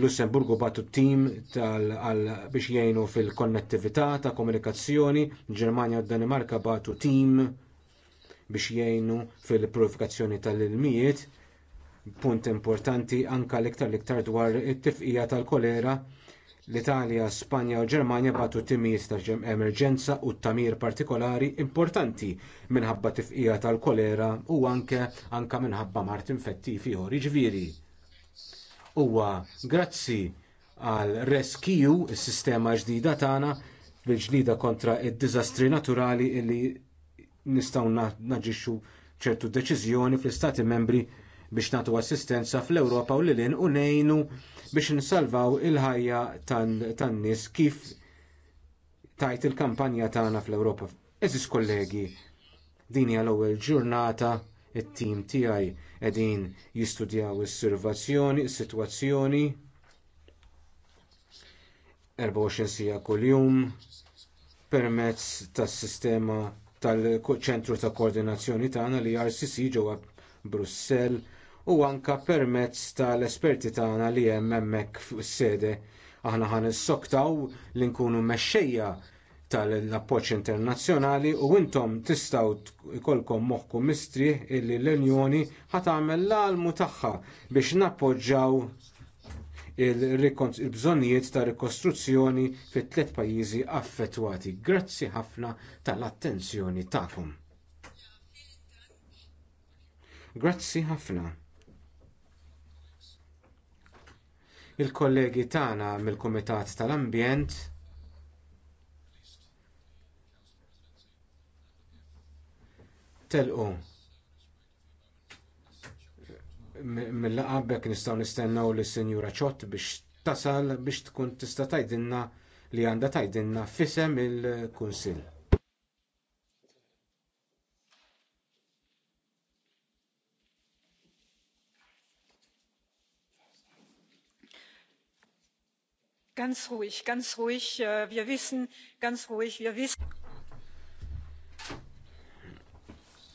Lussemburgu batu tim biex jgħinu fil-konnettività ta' komunikazzjoni, Ġermanja u Danimarka batu tim biex jgħinu fil-purifikazzjoni tal-ilmijiet. Punt importanti anke l-iktar l-iktar dwar it-tifqija tal-kolera l-Italja, Spanja u Ġermanja batu timijiet ta' emerġenza u tamir partikolari importanti minħabba tifqija tal-kolera u anke anke minħabba mart infettivi ieħor jiġifieri huwa grazzi għal Rescue, s sistema ġdida tagħna bil ġdida kontra id-diżastri naturali li nistgħu naġixxu ċertu deċiżjoni fl-istati membri biex nagħtu assistenza fl-Ewropa u lilin u ngħinu biex nsalvaw il-ħajja tan-nies kif tajt il-kampanja tagħna fl-Ewropa. Eżis kollegi, din hija l-ewwel ġurnata it-tim tiegħi qegħdin jistudjaw is-sirvazzjoni, is-sitwazzjoni 24 sija kuljum permezz tas-sistema tal-ċentru ta' koordinazzjoni tagħna li RCC ġewwa Brussell u anke permezz tal-esperti tagħna li hemm hemmhekk fis-sede aħna ħan li nkunu mexxejja tal-appoġġ internazzjonali u intom tistgħu jkollkom moħħkom mistrieħ illi l-Unjoni ħat għamel l-almu tagħha biex nappoġġaw il-bżonnijiet ta' rikostruzzjoni fit tliet pajjiżi affettwati. Grazzi ħafna tal-attenzjoni tagħkom. Grazzi ħafna. Il-kollegi tagħna mill-Kumitat tal-Ambjent telqu. Mill-laqabbek nistgħu nistennaw lis senjura ċott biex tasal biex tkun tista' tgħidilna li għandha tgħidilna f'isem il-Kunsill. Ganz ruhig, ganz ruhig, äh, wir wissen, ganz ruhig, wir wissen.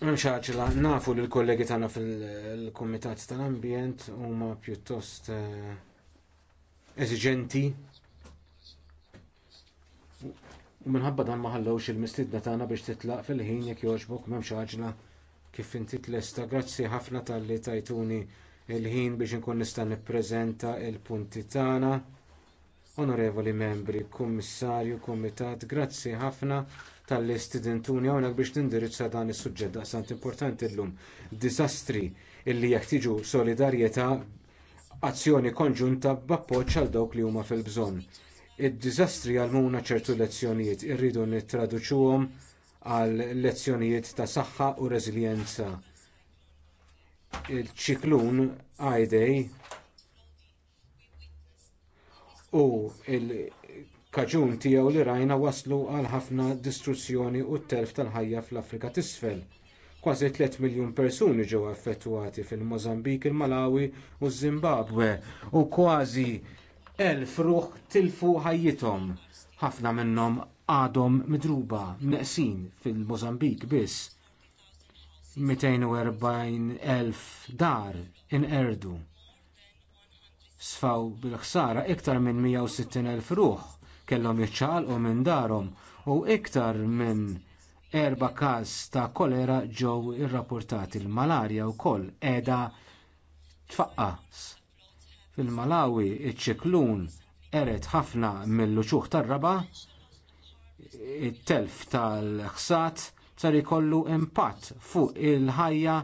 Mxaċla, nafu li l-kollegi tagħna fil-Kumitat tal-Ambjent huma pjuttost eh, eżiġenti. U minħabba dan ma il-mistidna tagħna biex titlaq fil-ħin jekk jogħġbok m'hemmx ħaġla kif inti t-lesta. Grazzi ħafna talli tajtuni il-ħin biex inkun nista' nippreżenta l punti tagħna. Onorevoli membri, kummissarju, kumitat, grazzi ħafna tal-li studentuni hawnhekk biex tindirizza dan is-suġġett daqsant importanti llum. Disastri illi jekk tiġu solidarjetà azzjoni konġunta b'appoġġ għal dawk li huma fil-bżonn. Id-diżastri għalmuna ċertu lezzjonijiet irridu nittraduċuhom għal lezzjonijiet ta' saħħa u reżiljenza. Il-ċiklun Idej u il kaġun tiegħu li rajna waslu għal ħafna distruzzjoni u t-telf tal-ħajja fl-Afrika t'isfel. Kważi 3 miljun persuni ġew affettwati fil-Mozambik, il-Malawi u z-Zimbabwe u kważi elf ruħ tilfu ħajjithom. Ħafna minnhom għadhom midruba neqsin fil-Mozambik biss. 240.000 dar inqerdu. Sfaw bil-ħsara iktar minn 160.000 ruħ kellhom jiċċaqalqu minn darhom u iktar minn erba każ ta' kolera ġew irrappurtati l malarja wkoll qiegħda tfaqqas. Fil-Malawi iċ-ċiklun eret ħafna mill-luċuħ tar-raba, it-telf tal-ħsat sar ikollu impatt fuq il-ħajja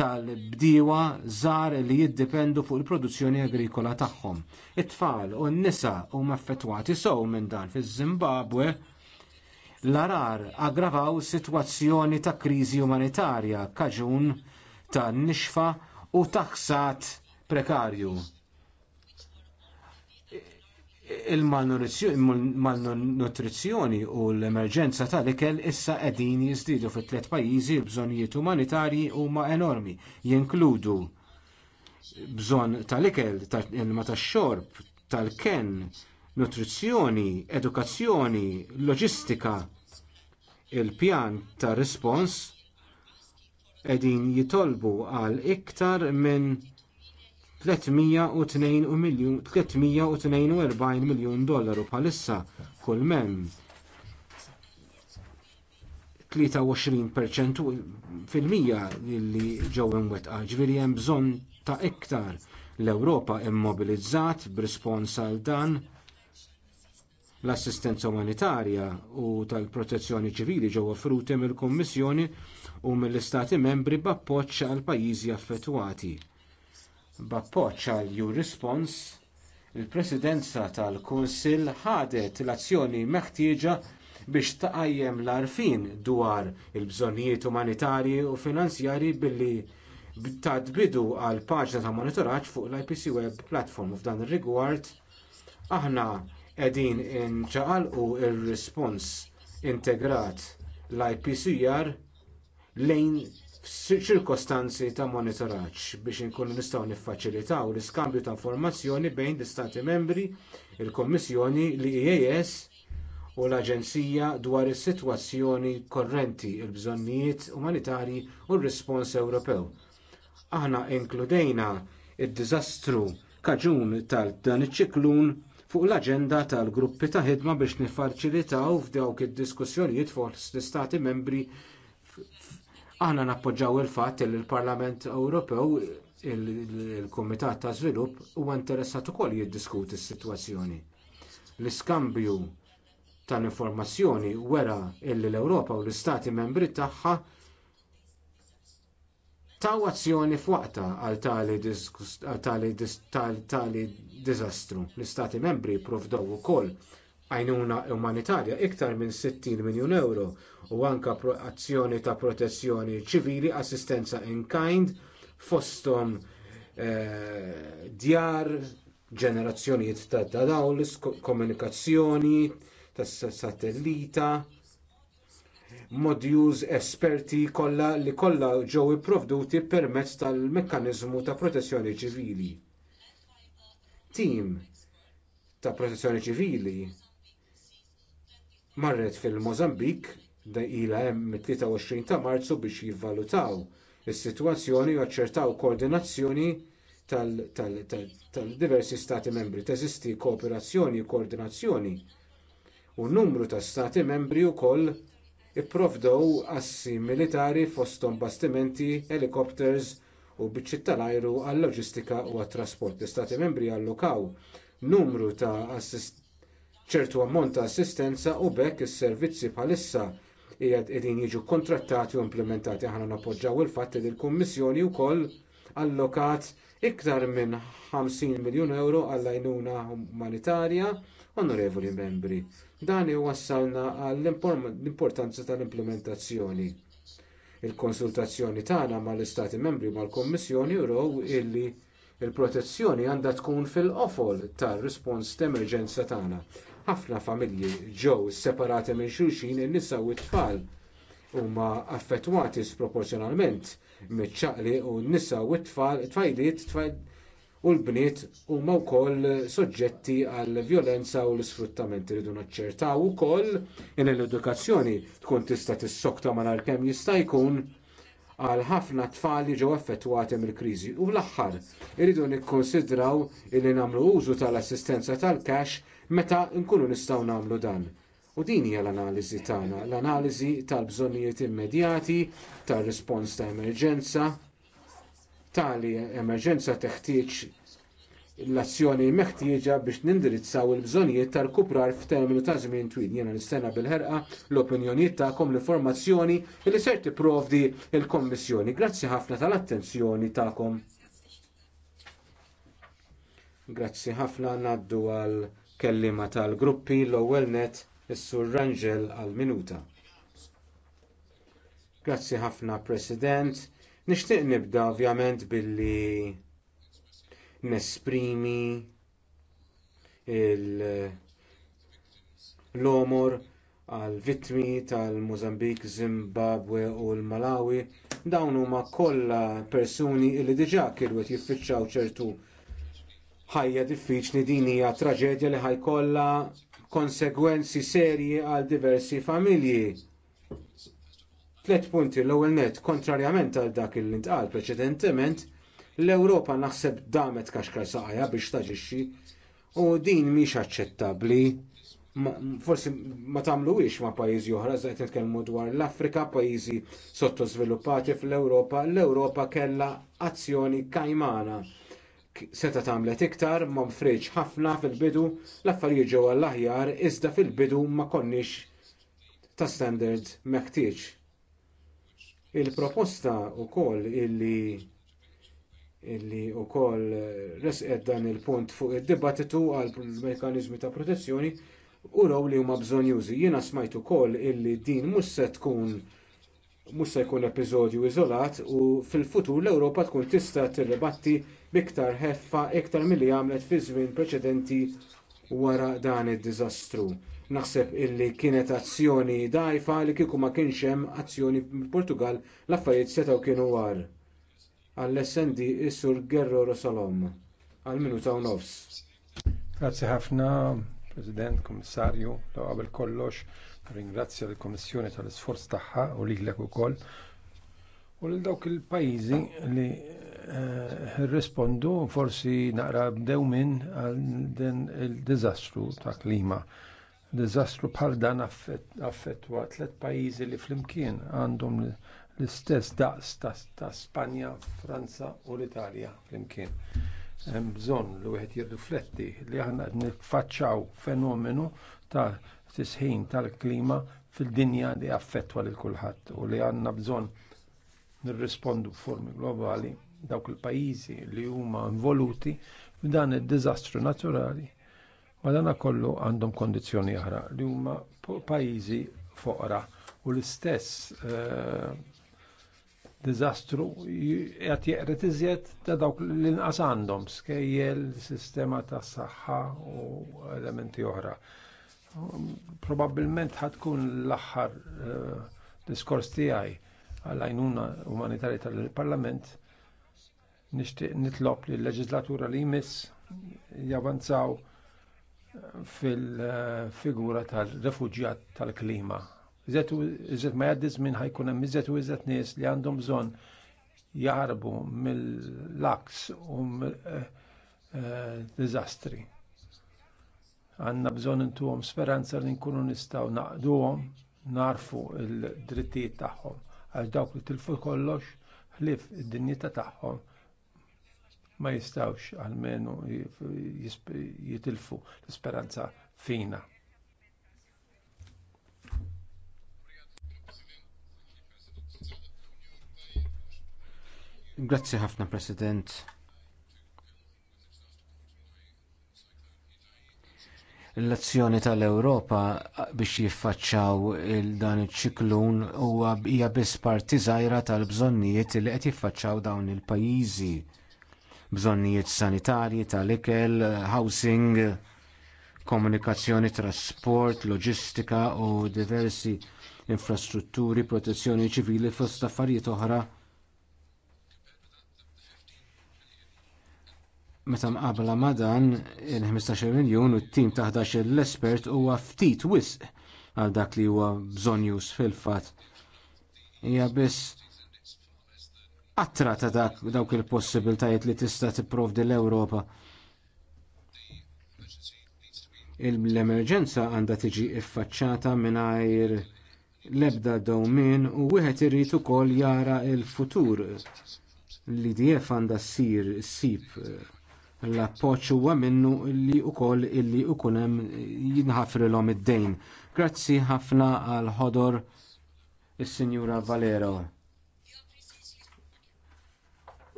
tal-bdiewa żgħar li jiddependu fuq il-produzzjoni agrikola tagħhom. It-tfal u n-nisa huma affettwati sew minn dan fiż-Zimbabwe l-arar aggravaw sitwazzjoni ta' kriżi umanitarja kaġun ta' nixfa u taħsat prekarju il-malnutrizzjoni u l-emerġenza tal-ikel issa qegħdin jiżdiedu fit-tliet pajjiżi l-bżonnijiet umanitarji huma enormi jinkludu bżonn tal-ikel, ilma tax-xorb, tal-ken, nutrizzjoni, edukazzjoni, loġistika. Il-pjan tar rispons edin jitolbu għal iktar minn 342 miljun dollaru bħalissa kull mem 23% fil-mija li ġew imwettqa ġifieri hemm bżonn ta' iktar l-Ewropa immobilizzat b'rispons għal dan l-assistenza umanitarja u tal-protezzjoni ċivili ġew offruti mill-Kummissjoni u mill-Istati membri b'appoġġ għal pajjiżi affettwati. B'appoġġ għal your response il-Presidenza tal-Kunsill ħadet l-azzjoni meħtieġa biex taqajjem l għarfien dwar il-bżonnijiet umanitarji u finanzjarji billi tadbidu għall għal paġna ta' monitoraġġ fuq l-IPC Web Platform f'dan ir-rigward aħna qegħdin inċaqalqu r-rispons integrat l-IPCR lejn ċirkostanzi ta' monitoraġġ biex inkunu nistgħu niffaċilitaw l-iskambju ta' informazzjoni bejn l-Istati membri, il-Kommissjoni, l-IAS u l-Aġenzija dwar is-sitwazzjoni korrenti, il-bżonnijiet umanitarji u r-rispons Ewropew. Aħna inkludejna id-diżastru kaġun tal-dan iċ-ċiklun fuq l-aġenda tal-gruppi ta' ħidma biex niffaċilitaw f'dawk id-diskussjonijiet fost l-Istati membri Aħna nappoġġaw il-fatt li l-Parlament Ewropew il-Kumitat ta' Żvilupp huwa interessat ukoll jiddiskuti s-sitwazzjoni. L-iskambju tal-informazzjoni wera li l-Ewropa u l-Istati membri tagħha taw azzjoni f'waqta għal tali diżastru. L-Istati membri jipprovdaw ukoll għajnuna umanitarja iktar minn 60 miljun euro u anke azzjoni ta' protezzjoni ċivili, assistenza in kind, fosthom eh, djar, ġenerazzjonijiet ta' dawlis, komunikazzjoni, tas satellita, modjuż esperti kollha li kollha ġew ipprovduti permezz tal-mekkaniżmu ta' protezzjoni ċivili. Tim ta' protezzjoni ċivili marret fil-Mozambik dejqila hemm mit-23 ta' Marzu biex jivvalutaw is-sitwazzjoni u jaċċertaw koordinazzjoni tal-diversi stati membri. Teżisti kooperazzjoni u koordinazzjoni u numru ta' stati membri wkoll ipprovdew assi militari fosthom bastimenti, helikopters u biċċiet tal-ajru għal-loġistika u għat-trasport. L-istati membri allokaw numru ta' assist ċertu ammont ta' assistenza u bekk is-servizzi bħalissa qegħdin jiġu kontrattati u implementati aħna nappoġġaw il-fatt li l-Kummissjoni wkoll allokat iktar minn 50 miljun euro għall għajnuna umanitarja onorevoli membri. Dan iwassalna għall-importanza tal-implementazzjoni. Il-konsultazzjoni tagħna mal-Istati membri mal-Kummissjoni uraw illi il-protezzjoni għandha tkun fil-qofol tar-rispons ta' emerġenza tagħna ħafna familji ġew separati minn xulxin in-nisa u t-tfal huma affettwati sproporzjonalment miċ-ċaqli u n-nisa u t-tfal tfajliet u l-bniet huma wkoll soġġetti għal vjolenza u l-isfruttament iridu naċċertaw ukoll in l-edukazzjoni tkun tista' tissokta malar kemm jista' jkun għal ħafna tfal li ġew affettwati mill-kriżi. U l-aħħar, irridu nikkonsidraw li nagħmlu użu tal-assistenza tal-kax meta nkunu nistgħu nagħmlu dan. U din hija l-analiżi tagħna, l-analiżi tal-bżonnijiet immedjati, tar-rispons ta' emerġenza, tali emerġenza teħtieġ l-azzjoni meħtieġa biex nindirizzaw il bżonnijiet tal-kuprar f'terminu ta' żmien twil. Jiena nistenna bil-ħerqa l-opinjonijiet tagħkom l-informazzjoni li ser tipprovdi l-Kommissjoni. Grazzi ħafna tal-attenzjoni tagħkom. Grazzi ħafna ngħaddu għal kellima tal-gruppi l-ewwel nett is-sur Rangel għal minuta. Grazzi ħafna President. Nixtieq nibda ovvjament billi nesprimi l omur għal vittmi tal-Mozambik, Zimbabwe u l-Malawi dawn huma kollha persuni li diġà kienu qed jiffiċċjaw ċertu ħajja diffiċli din hija traġedja li ħajkollha konsegwenzi serji għal diversi familji. Tliet punti l-ewwel nett kontrarjament għal dak il intqal preċedentement, l-Ewropa naħseb damet kaxkar saqajja biex taġixxi u din mhix aċċettabbli. Forsi ma tagħmluhiex ma pajjiżi oħra żgħid nitkellmu dwar l-Afrika, pajjiżi sottosviluppati fl-Ewropa, l-Ewropa kellha azzjoni kajmana seta tagħmlet iktar ma mfriġ ħafna fil-bidu l-affarijiet ġew għall-aħjar iżda fil-bidu ma konniex ta' standard meħtieġ. Il-proposta wkoll illi illi wkoll resqed dan il-punt fuq id-dibattitu għal mekkaniżmi ta' protezzjoni u raw li huma bżonn jużi. Jiena smajt ukoll illi din mhux se tkun mhux se jkun episodju iżolat u fil-futur l-Ewropa tkun tista' tirribatti biktar ħeffa iktar milli għamlet fi żmien preċedenti wara dan id-diżastru. Naħseb illi kienet azzjoni dgħajfa li kieku ma kienx hemm azzjoni mill-Portugal l-affarijiet setgħu kienu war. Għall-SND is-Sur Gerro Rosalom għal minuta u nofs. Grazzi ħafna, President, Kummissarju, l kollox Ringrazzja l-Komissjoni tal-isforz tagħha u lilek ukoll u lil dawk il-pajjiżi li rrispondu eh, forsi naqra bdew minn għal din il-diżastru ta' klima. Diżastru bħal dan affettwa tliet pajjiżi li flimkien għandhom l-istess daqs ta' Spanja, Franza u l-Italja flimkien. Hemm bżonn li wieħed jirrifletti li aħna qed niffaċċaw fenomenu ta' tisħin tal-klima fil-dinja li affettwa lil kulħadd u li għandna bżonn nirrispondu b'formi globali dawk il-pajjiżi li huma involuti f'dan id-diżastru naturali madana kollu għandhom kondizzjoni oħra li huma pajjiżi foqra u l-istess eh, diżastru qed jeqret iżjed ta' dawk l-inqas għandhom skejjel, sistema tas saħħa u elementi oħra probabilment ħatkun l-aħħar eh, diskors tiegħi għall-għajnuna umanitarja tal-Parlament nixtieq nitlob li l-leġislatura li jmiss javanzaw eh, fil-figura tal-refuġjat tal-klima. Iżet ma jaddiż minn ħajkun hemm iżet u iżet nies li għandhom bżonn jaħarbu mill-laks u mill-diżastri. Eh, Għanna bżon intuhom speranza li nkunu nistgħu naqduhom narfu l-drittijiet tagħhom għax dawk li tilfu kollox ħlif id-dinjità tagħhom ma jistawx għalmenu jitilfu l-speranza fina. Grazzi ħafna President. l-azzjoni tal-Ewropa biex jiffaċċaw dan iċ-ċiklun huwa hija biss parti żgħira tal-bżonnijiet li qed jiffaċċaw dawn il-pajjiżi. Bżonnijiet sanitarji, tal-ikel, housing, komunikazzjoni, trasport, loġistika u diversi infrastrutturi, protezzjoni ċivili fost affarijiet oħra Meta mqabla ma' dan il-15 miljun u t-tim ta' 11 l-espert huwa ftit wisq għal dak li huwa bżonjus fil-fatt. Hija biss attra ta' dawk il-possibiltajiet li tista' tipprovdi l-Ewropa l-emerġenza għandha tiġi ffaċċjata mingħajr l-ebda dewmien u wieħed irid ukoll jara l-futur l-idf għandha ssir ssib l-appoċ huwa minnu li wkoll illi ukun hemm jinħafrilhom id-dejn. Grazzi ħafna għal ħodor is-Sinjura Valero.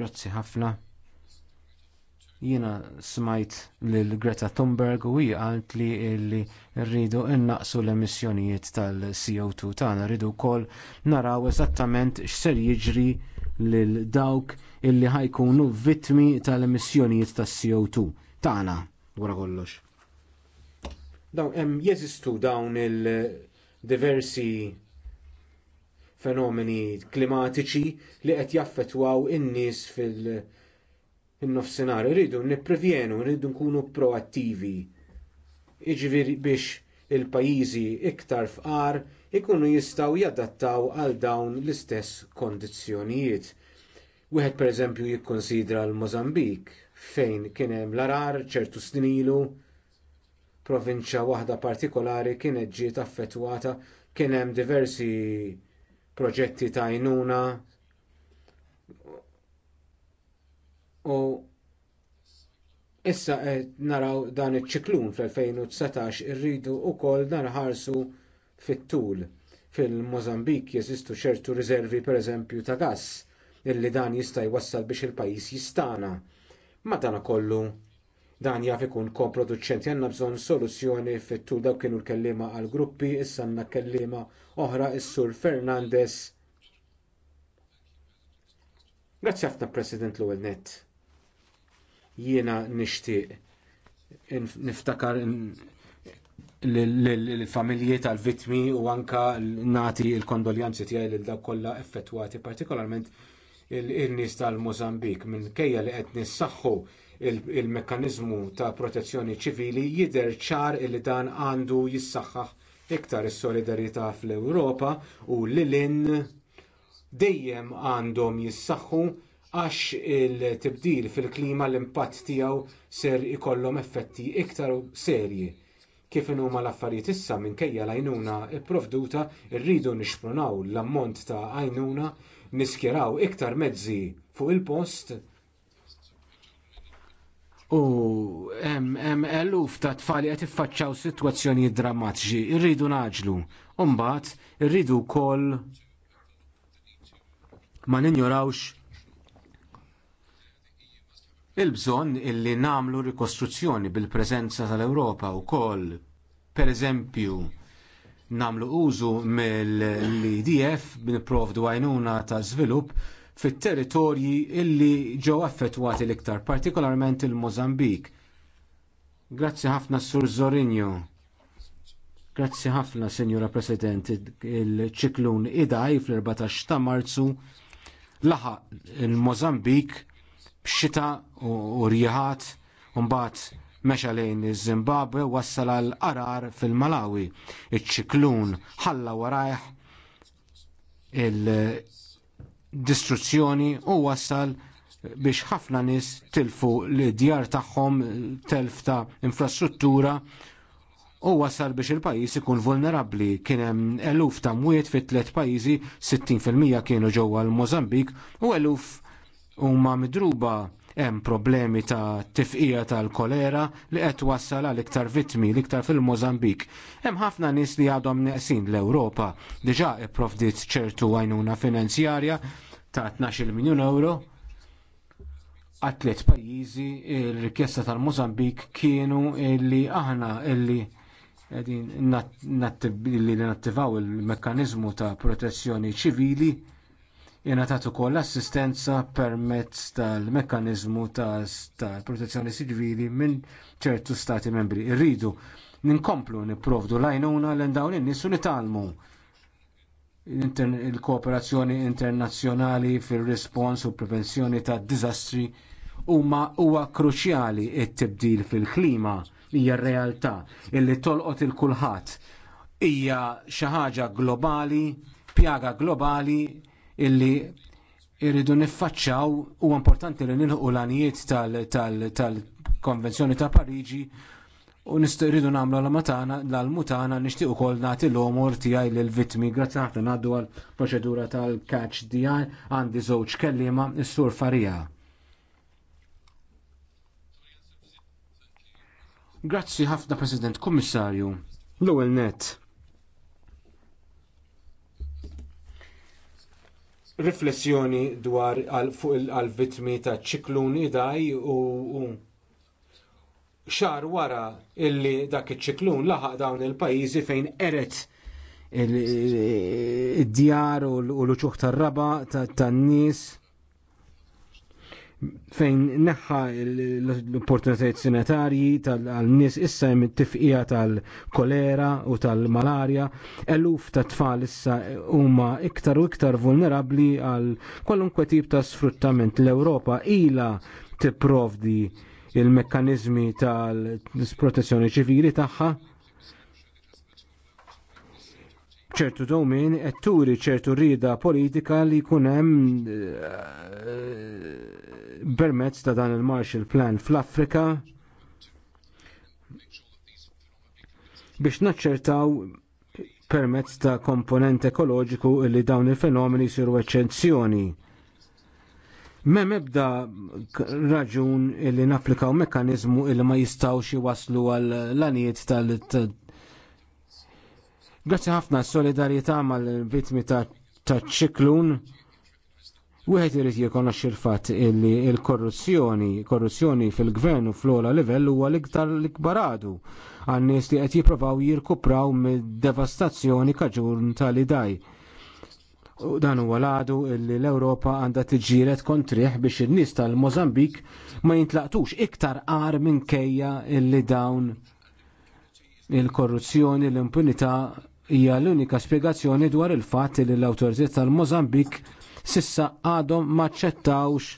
Grazzi ħafna. Jiena smajt lil Greta Thunberg u hija qalt li illi rridu innaqsu l-emissjonijiet tal-CO2 tagħna rridu wkoll naraw eżattament x'ser jiġri lil dawk illi ħajkunu vittmi tal-emissjonijiet tas CO2 tagħna wara kollox. Dawn hemm jeżistu dawn il-diversi fenomeni klimatiċi li qed jaffettwaw in-nies fil- in rridu niprevjenu, rridu nkunu proattivi. Jiġifieri biex il-pajjiżi iktar fqar ikunu jistgħu jadattaw għal dawn l-istess kondizzjonijiet. Wieħed pereżempju jikkonsidra l-Mozambik fejn kien hemm l-arar ċertu snin ilu, provinċja waħda partikolari kienet ġiet affettwata kien hemm diversi proġetti ta' għajnuna u issa qed naraw dan iċ-ċiklun fl-2019 irridu wkoll dan ħarsu fit-tul. Fil-Mozambik jeżistu ċertu riservi pereżempju ta' gass illi dan jista' jwassal biex il-pajjiż jistana. Madankollu dan jaf ikun koproduċenti għandna bżonn soluzzjoni fit-tul dawk kienu l-kellima għall gruppi issa għandna kellima oħra is-Sur Fernandez. Grazzi ħafna President l net. Jiena nixtieq niftakar l-familji tal-vitmi u anka nati il-kondoljanzi tiegħi lil dawk kollha effettwati, partikolarment il-nies tal-Mozambik minkejja li qed nissaħħu il mekkaniżmu ta' protezzjoni ċivili jidher ċar li dan għandu jissaħħaħ iktar is solidarjetà fl-Ewropa u lilin dejjem għandhom jissaħħu għax il-tibdil fil-klima l-impatt tiegħu ser ikollhom effetti iktar serji kif huma l-affarijiet issa minkejja l-għajnuna pprovduta rridu nixprunaw l-ammont ta' għajnuna niskjeraw iktar mezzi fuq il-post u hemm eluf ta' tfal qed iffaċċjaw sitwazzjonijiet drammatiċi, irridu naġlu. u mbagħad irridu wkoll ma ninjorawx il-bżonn illi nagħmlu rikostruzzjoni bil-preżenza tal-Ewropa wkoll. Pereżempju, nagħmlu użu mill-IDF bil-provdu għajnuna ta' żvilupp fit-territorji illi ġew affettwati l-iktar, partikolarment il-Mozambik. Grazzi ħafna Sur Zorinju. Grazzi ħafna, Sinjura President, il-ċiklun Idaj fl-14 ta' Marzu laħaq il-Mozambik b'xita u rjaħat u mbagħad mexa lejn iż-Zimbabwe wassal għal arar fil-Malawi. Iċ-ċiklun ħalla warajh il-distruzzjoni u wassal biex ħafna nies tilfu li djar tagħhom telf ta' infrastruttura u wasal biex il-pajis ikun vulnerabbli kien hemm eluf ta' mwiet fit tliet pajjiżi 60% kienu ġewwa l-Mozambik u eluf huma midruba hemm problemi ta' tifqija tal-kolera li qed wassal għal iktar vittmi l-iktar fil-Mozambik. Hemm ħafna nies li għadhom neqsin l-Ewropa. Diġà pprovdiet ċertu għajnuna finanzjarja ta' 12 miljun euro għat-tliet pajjiżi il-rikjesta tal-Mozambik kienu illi aħna illi qegħdin nattivaw il mekkaniżmu ta' protezzjoni ċivili Jenatat ukoll assistenza permezz tal-mekkanizmu tal-protezzjoni ċivili minn ċertu stati membri. Irridu ninkomplu nipprovdu lajnuna l dawn in-nies u nitalmu il-kooperazzjoni internazzjonali fil-respons u prevenzjoni ta' diżastri huma huwa kruċjali it-tibdil fil-klima hija realtà illi tolqot il kulħadd hija xi ħaġa globali, pjaga globali illi irridu niffaċċaw u importanti li nilħu l-anijiet tal-Konvenzjoni ta' Pariġi u nistiridu namlu l-mutana l-mutana nishtiq ukoll nagħti l-omor tiegħi lil vittmi grazzi ħafna naddu għal proċedura tal-catch DI għandi żewġ kelliema s sur Farija. Grazzi ħafna President Kummissarju. L-ewwel net riflessjoni dwar fuq il vitmi ta' ċikluni daj u xar wara illi dak iċ-ċiklun laħaq dawn il-pajjiżi fejn eret id-djar u l-uċuħ tar-raba tan-nies. Ta fejn neħħa l-opportunitajiet sanitarji tal-nis issa jem tifqija tal-kolera u tal-malarja, eluf ta' tfal issa huma iktar u iktar vulnerabli għal kwalunkwe tip ta' sfruttament l-Ewropa ila tipprovdi il-mekkanizmi tal-protezzjoni ċivili tagħha ċertu domin qed turi ċertu rida politika li jkun hemm eh, permezz ta' dan il-Marshall Plan fl-Afrika biex naċċertaw permezz ta' komponent ekoloġiku li dawn il-fenomeni jsiru eċċenzjoni. Mem ebda raġun li napplikaw mekkaniżmu li ma jistgħux waslu għal l-anijiet tal Grazzi ħafna solidarjetà mal-vittmi ta' ċiklun. Wieħed irid jikonoxxi l-fatt illi l-korruzzjoni, korruzzjoni fil-gvern u fl-ola livell huwa l-iktar l-ikbaradu għan nies li qed jippruvaw jirkupraw mid-devastazzjoni kaġun tal-idaj. U dan huwa għadu illi l-Ewropa għandha tiġġieled kontriħ biex in-nies tal-Mozambik ma jintlaqtux iktar qar kejja illi dawn il-korruzzjoni, l-impunità hija l-unika spjegazzjoni dwar il-fatt li l-awtoritajiet tal-Mozambik sissa għadhom maċċettawx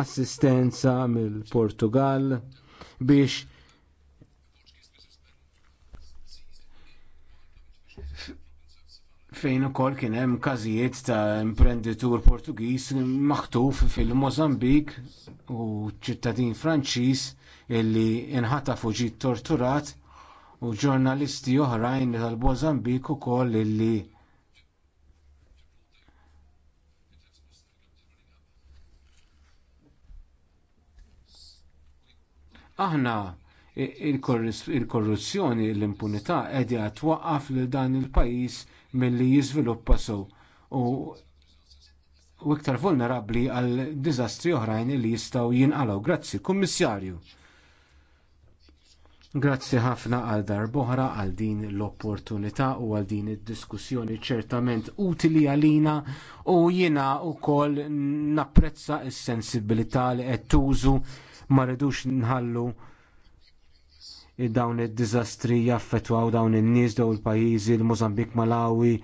assistenza mill-Portugal biex fejn ukoll kien hemm każijiet ta' imprenditur Portugiż maħtuf fil-Mozambik u ċittadin Franċiż illi inħataf u torturat u ġurnalisti oħrajn tal-Mozambik ukoll illi aħna il-korruzzjoni il l-impunità qegħda twaqqaf lil dan il-pajjiż milli jiżviluppa sew u iktar vulnerabbli għal diżastri oħrajn li jistgħu jinqalgħu. Grazzi, Kummissarju. Grazzi ħafna għal darbohra għal din l-opportunità u għal din id-diskussjoni ċertament utili għalina u jiena wkoll napprezza s sensibilità li qed tużu ma rridux nħallu dawn id-diżastri jaffettwaw dawn in-nies daw il-pajjiżi l-Mozambik Malawi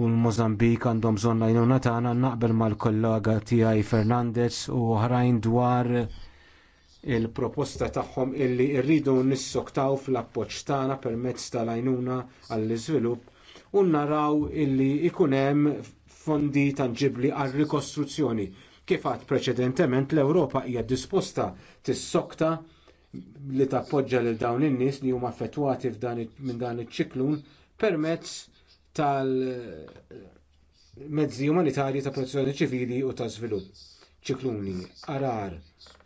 u l-Mozambik għandhom bżonn għajnuna tagħna naqbel mal-kollega tiegħi Fernandez u oħrajn dwar il-proposta tagħhom illi rridu nissoktaw fl-appoġġ tagħna permezz tal-għajnuna għall-iżvilupp u naraw illi ikun hemm fondi tangibbli għar-rikostruzzjoni. Kif għad preċedentement l-Ewropa hija disposta tissokta li tappoġġa lil dawn in-nies li huma affettwati minn dan iċ-ċiklun permezz tal mezzi umanitarji ta' protezzjoni ċivili u ta' żvilupp ċikluni, arar,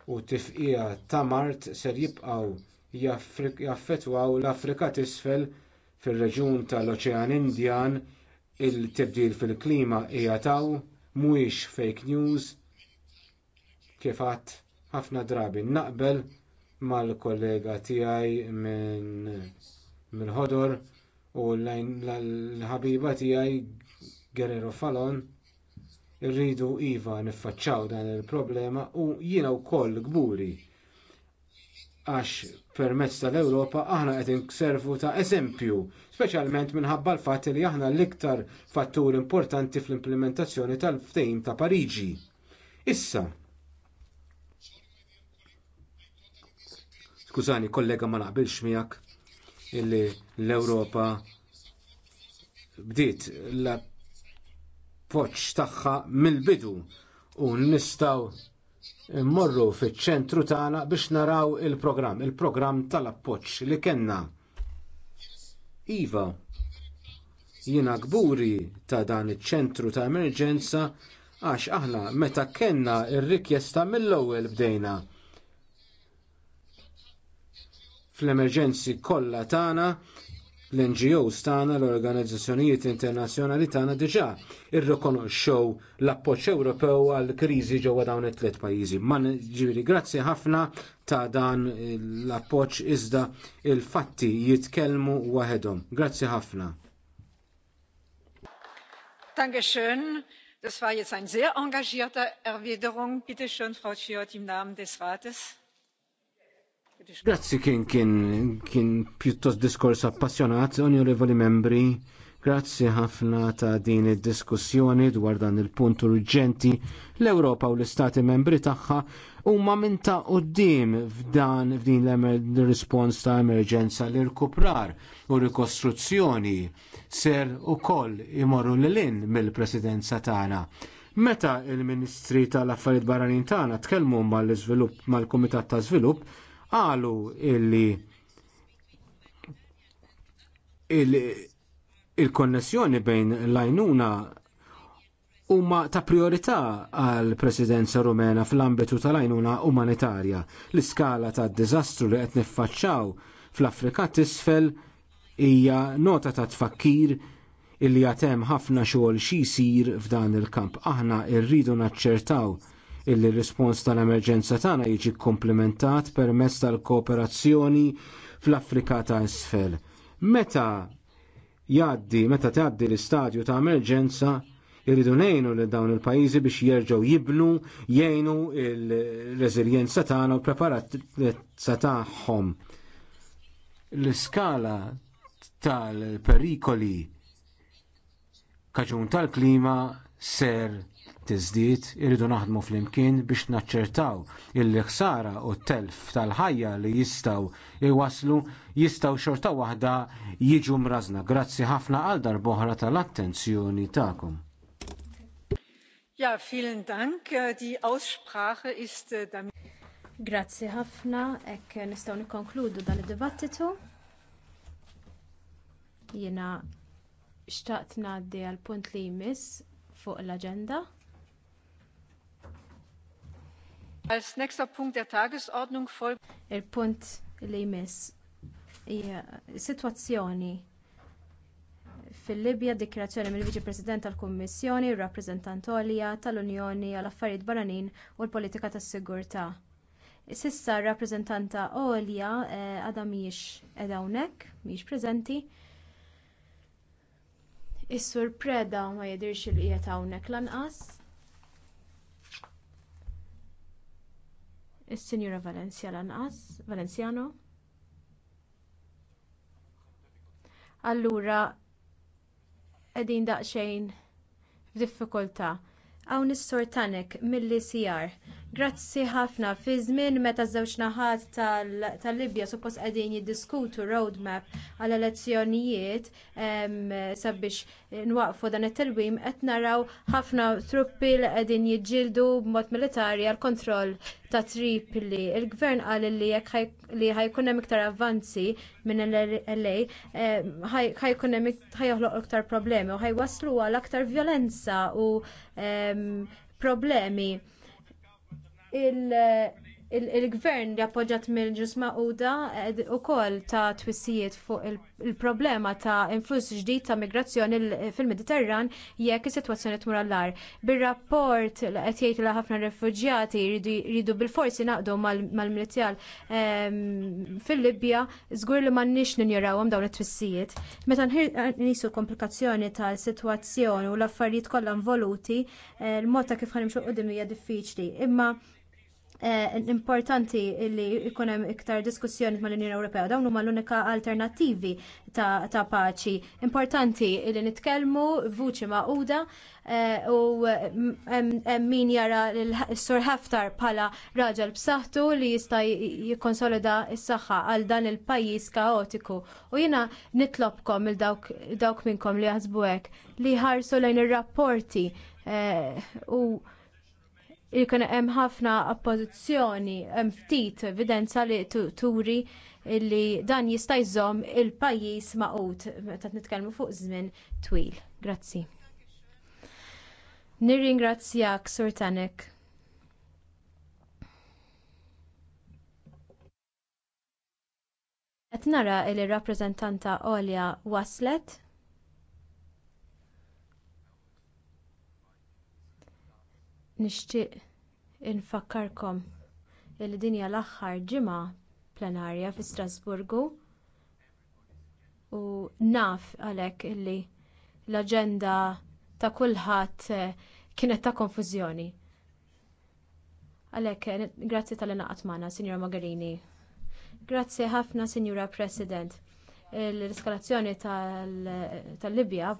u tifqija ta' Mart ser jibqgħu jaffettwaw l-Afrika t'isfel fir-reġjun tal-Oċean Indjan il-tibdil fil-klima hija taw mhuwiex fake news kif għadt ħafna drabi naqbel mal-kollega tiegħi minn mill-ħodor u l-ħabiba tiegħi Guerrero Falon rridu iva niffaċċaw dan il-problema u jiena wkoll kburi għax permezz tal-Ewropa aħna qed inservu ta' eżempju, speċjalment minħabba l-fatt li aħna l-iktar fattur importanti fl-implementazzjoni tal-ftehim ta' Pariġi. Issa, skużani kollega ma naqbilx miegħek illi l-Ewropa bdiet l l tagħha mill-bidu u nistgħu Immorru fiċ ċentru tagħna biex naraw il-programm, il-programm tal-appoġġ li kellna. Iva, jiena gburi ta' dan iċ-ċentru ta' emerġenza għax aħna meta kellna r-rikjesta mill-ewwel bdejna. Fl-emerġenzi kollha tagħna L-NGOs tagħna l-organizzazzjonijiet internazzjonali tagħna diġà irrikonoxxew l-appoġġ Ewropew għall kriżi ġewwa dawn it-tliet pajjiżi. Ma ġifieri grazzi ħafna ta' dan l-appoġġ iżda il-fatti jitkellmu waħedhom. Grazzi ħafna. Dankeschön. Das war jetzt ein sehr engagierter Erwiderung. Bitte schön, Frau Ciotti, im Namen des Rates. Grazzi kien kien kien pjuttost diskors appassjonat, onorevoli membri. Grazzi ħafna ta' din id-diskussjoni dwar dan il-punt urġenti l-Ewropa u l-Istati membri tagħha huma minn ta' qudiem f'dan f'din l-rispons ta' emerġenza li rkuprar u rikostruzzjoni ser ukoll imorru lil-in mill-presidenza tagħna. Meta il-Ministri tal-Affarijiet Barranin tagħna tkellmu mal-Kumitat ta' Żvilupp, għalu illi il-konnessjoni bejn l-għajnuna huma ta' priorità għal presidenza rumena fl-ambitu tal-għajnuna umanitarja. L-iskala ta' diżastru li qed niffaċċaw fl-Afrika tisfel hija nota ta' tfakkir illi għatem ħafna xogħol xi jsir f'dan il-kamp. Aħna rridu naċċertaw illi rispons tal-emerġenza tagħna jiġi komplementat permezz tal-kooperazzjoni fl-Afrika ta' isfel. Meta jgħaddi, meta tgħaddi l-istadju ta' emerġenza, irridu ngħinu lil dawn il-pajjiżi biex jerġgħu jibnu, jgħinu l-reżiljenza tagħna u preparatezza tagħhom. L-iskala tal-perikoli kaġun tal-klima ser tiżdied, irridu naħdmu flimkien biex naċċertaw il-ħsara u t-telf tal-ħajja li jistgħu iwaslu jistgħu xorta waħda jiġu mrażna. Grazzi ħafna għal darboħra tal-attenzjoni tagħkom. Ja, vielen Dank. Die Aussprache ist äh, damit. Grazzi ħafna, ek nistgħu nikkonkludu dan id-dibattitu. Jiena xtaqt ngħaddi għal punt li jmiss fuq l-aġenda Als nächster Punkt der Tagesordnung folgt il-punt li jmiss sitwazzjoni fil-Libja dikjarazzjoni mill-Viċi President tal-Kummissjoni r-Rappreżentant Olja tal-Unjoni għall affarijiet Barranin u l-Politika tas-Sigurtà. Sissa r-Rappreżentanta Olja eh, għadha mhijiex qiegħda hawnhekk, mhijiex preżenti. Is-sur Preda ma jidhirx il qiegħed hawnhekk lanqas. Is-Sinjura Valencia lanqas, Valenciano. Allura qegħdin daqsxejn f'diffikultà. Hawn is-sortanek milli icr Grazzi ħafna fi żmien meta żewġ naħat tal-Libja suppost qegħdin jiddiskutu roadmap għall elezzjonijiet sabiex nwaqfu dan it telwim qed naraw ħafna truppi li qegħdin jiġġieldu b'mod militari għal kontroll ta' Tripoli. Il-gvern qal li jekk li ħajkun hemm iktar avvanzi minn LA eh, ħajkun hemm ħajoħloq iktar problemi u ħajwaslu għal aktar vjolenza u ehm, problemi il-gvern li appoġġat mill-ġus Magħquda wkoll eh, ta' twissijiet fuq il-problema ta' influss ġdid ta' migrazzjoni fil-Mediterran jekk is-sitwazzjoni tmur għall-ar. Bir-rapport qed jgħid li ħafna rifuġjati jridu bilforsi naqdu mal-milizjal ehm, fil-Libja żgur li m'għandniex ninjorawhom dawn it-twissijiet. Meta nisu eh, komplikazzjoni ta' sitwazzjoni u l-affarijiet kollha involuti, eh, l-mod ta' kif ħanimxu qudiem hija diffiċli. Imma Eh, importanti li jkun hemm iktar diskussjoni l unjoni Ewropea dawn huma l-unika alternattivi ta' paċi. Importanti li nitkellmu vuċi maquda eh, u hemm eh, min jara l-Sur Haftar bħala raġel b'saħħtu li jista' jikkonsolida s-saħħa għal dan il-pajjiż kaotiku. U jiena nitlobkom il dawk minnkom li jaħsbu hekk li ħarsu lejn ir-rapporti u il kien hemm ħafna oppożizzjoni hemm ftit evidenza li turi li dan jista' jżomm il-pajjiż maqut meta nitkellmu fuq żmien twil. Grazzi. Nirringrazzjak Sur Tanek. Qed nara li rappreżentanta Olja waslet nixtieq infakkarkom li din hija l-aħħar ġimgħa plenarja fi strasburgu u naf għalhekk li l-aġenda ta' kulħadd eh, kienet ta' konfużjoni għalhekk eh, grazzi tal-li magħna sinjura mogherini grazzi ħafna sinjura president l-eskalazzjoni tal-libja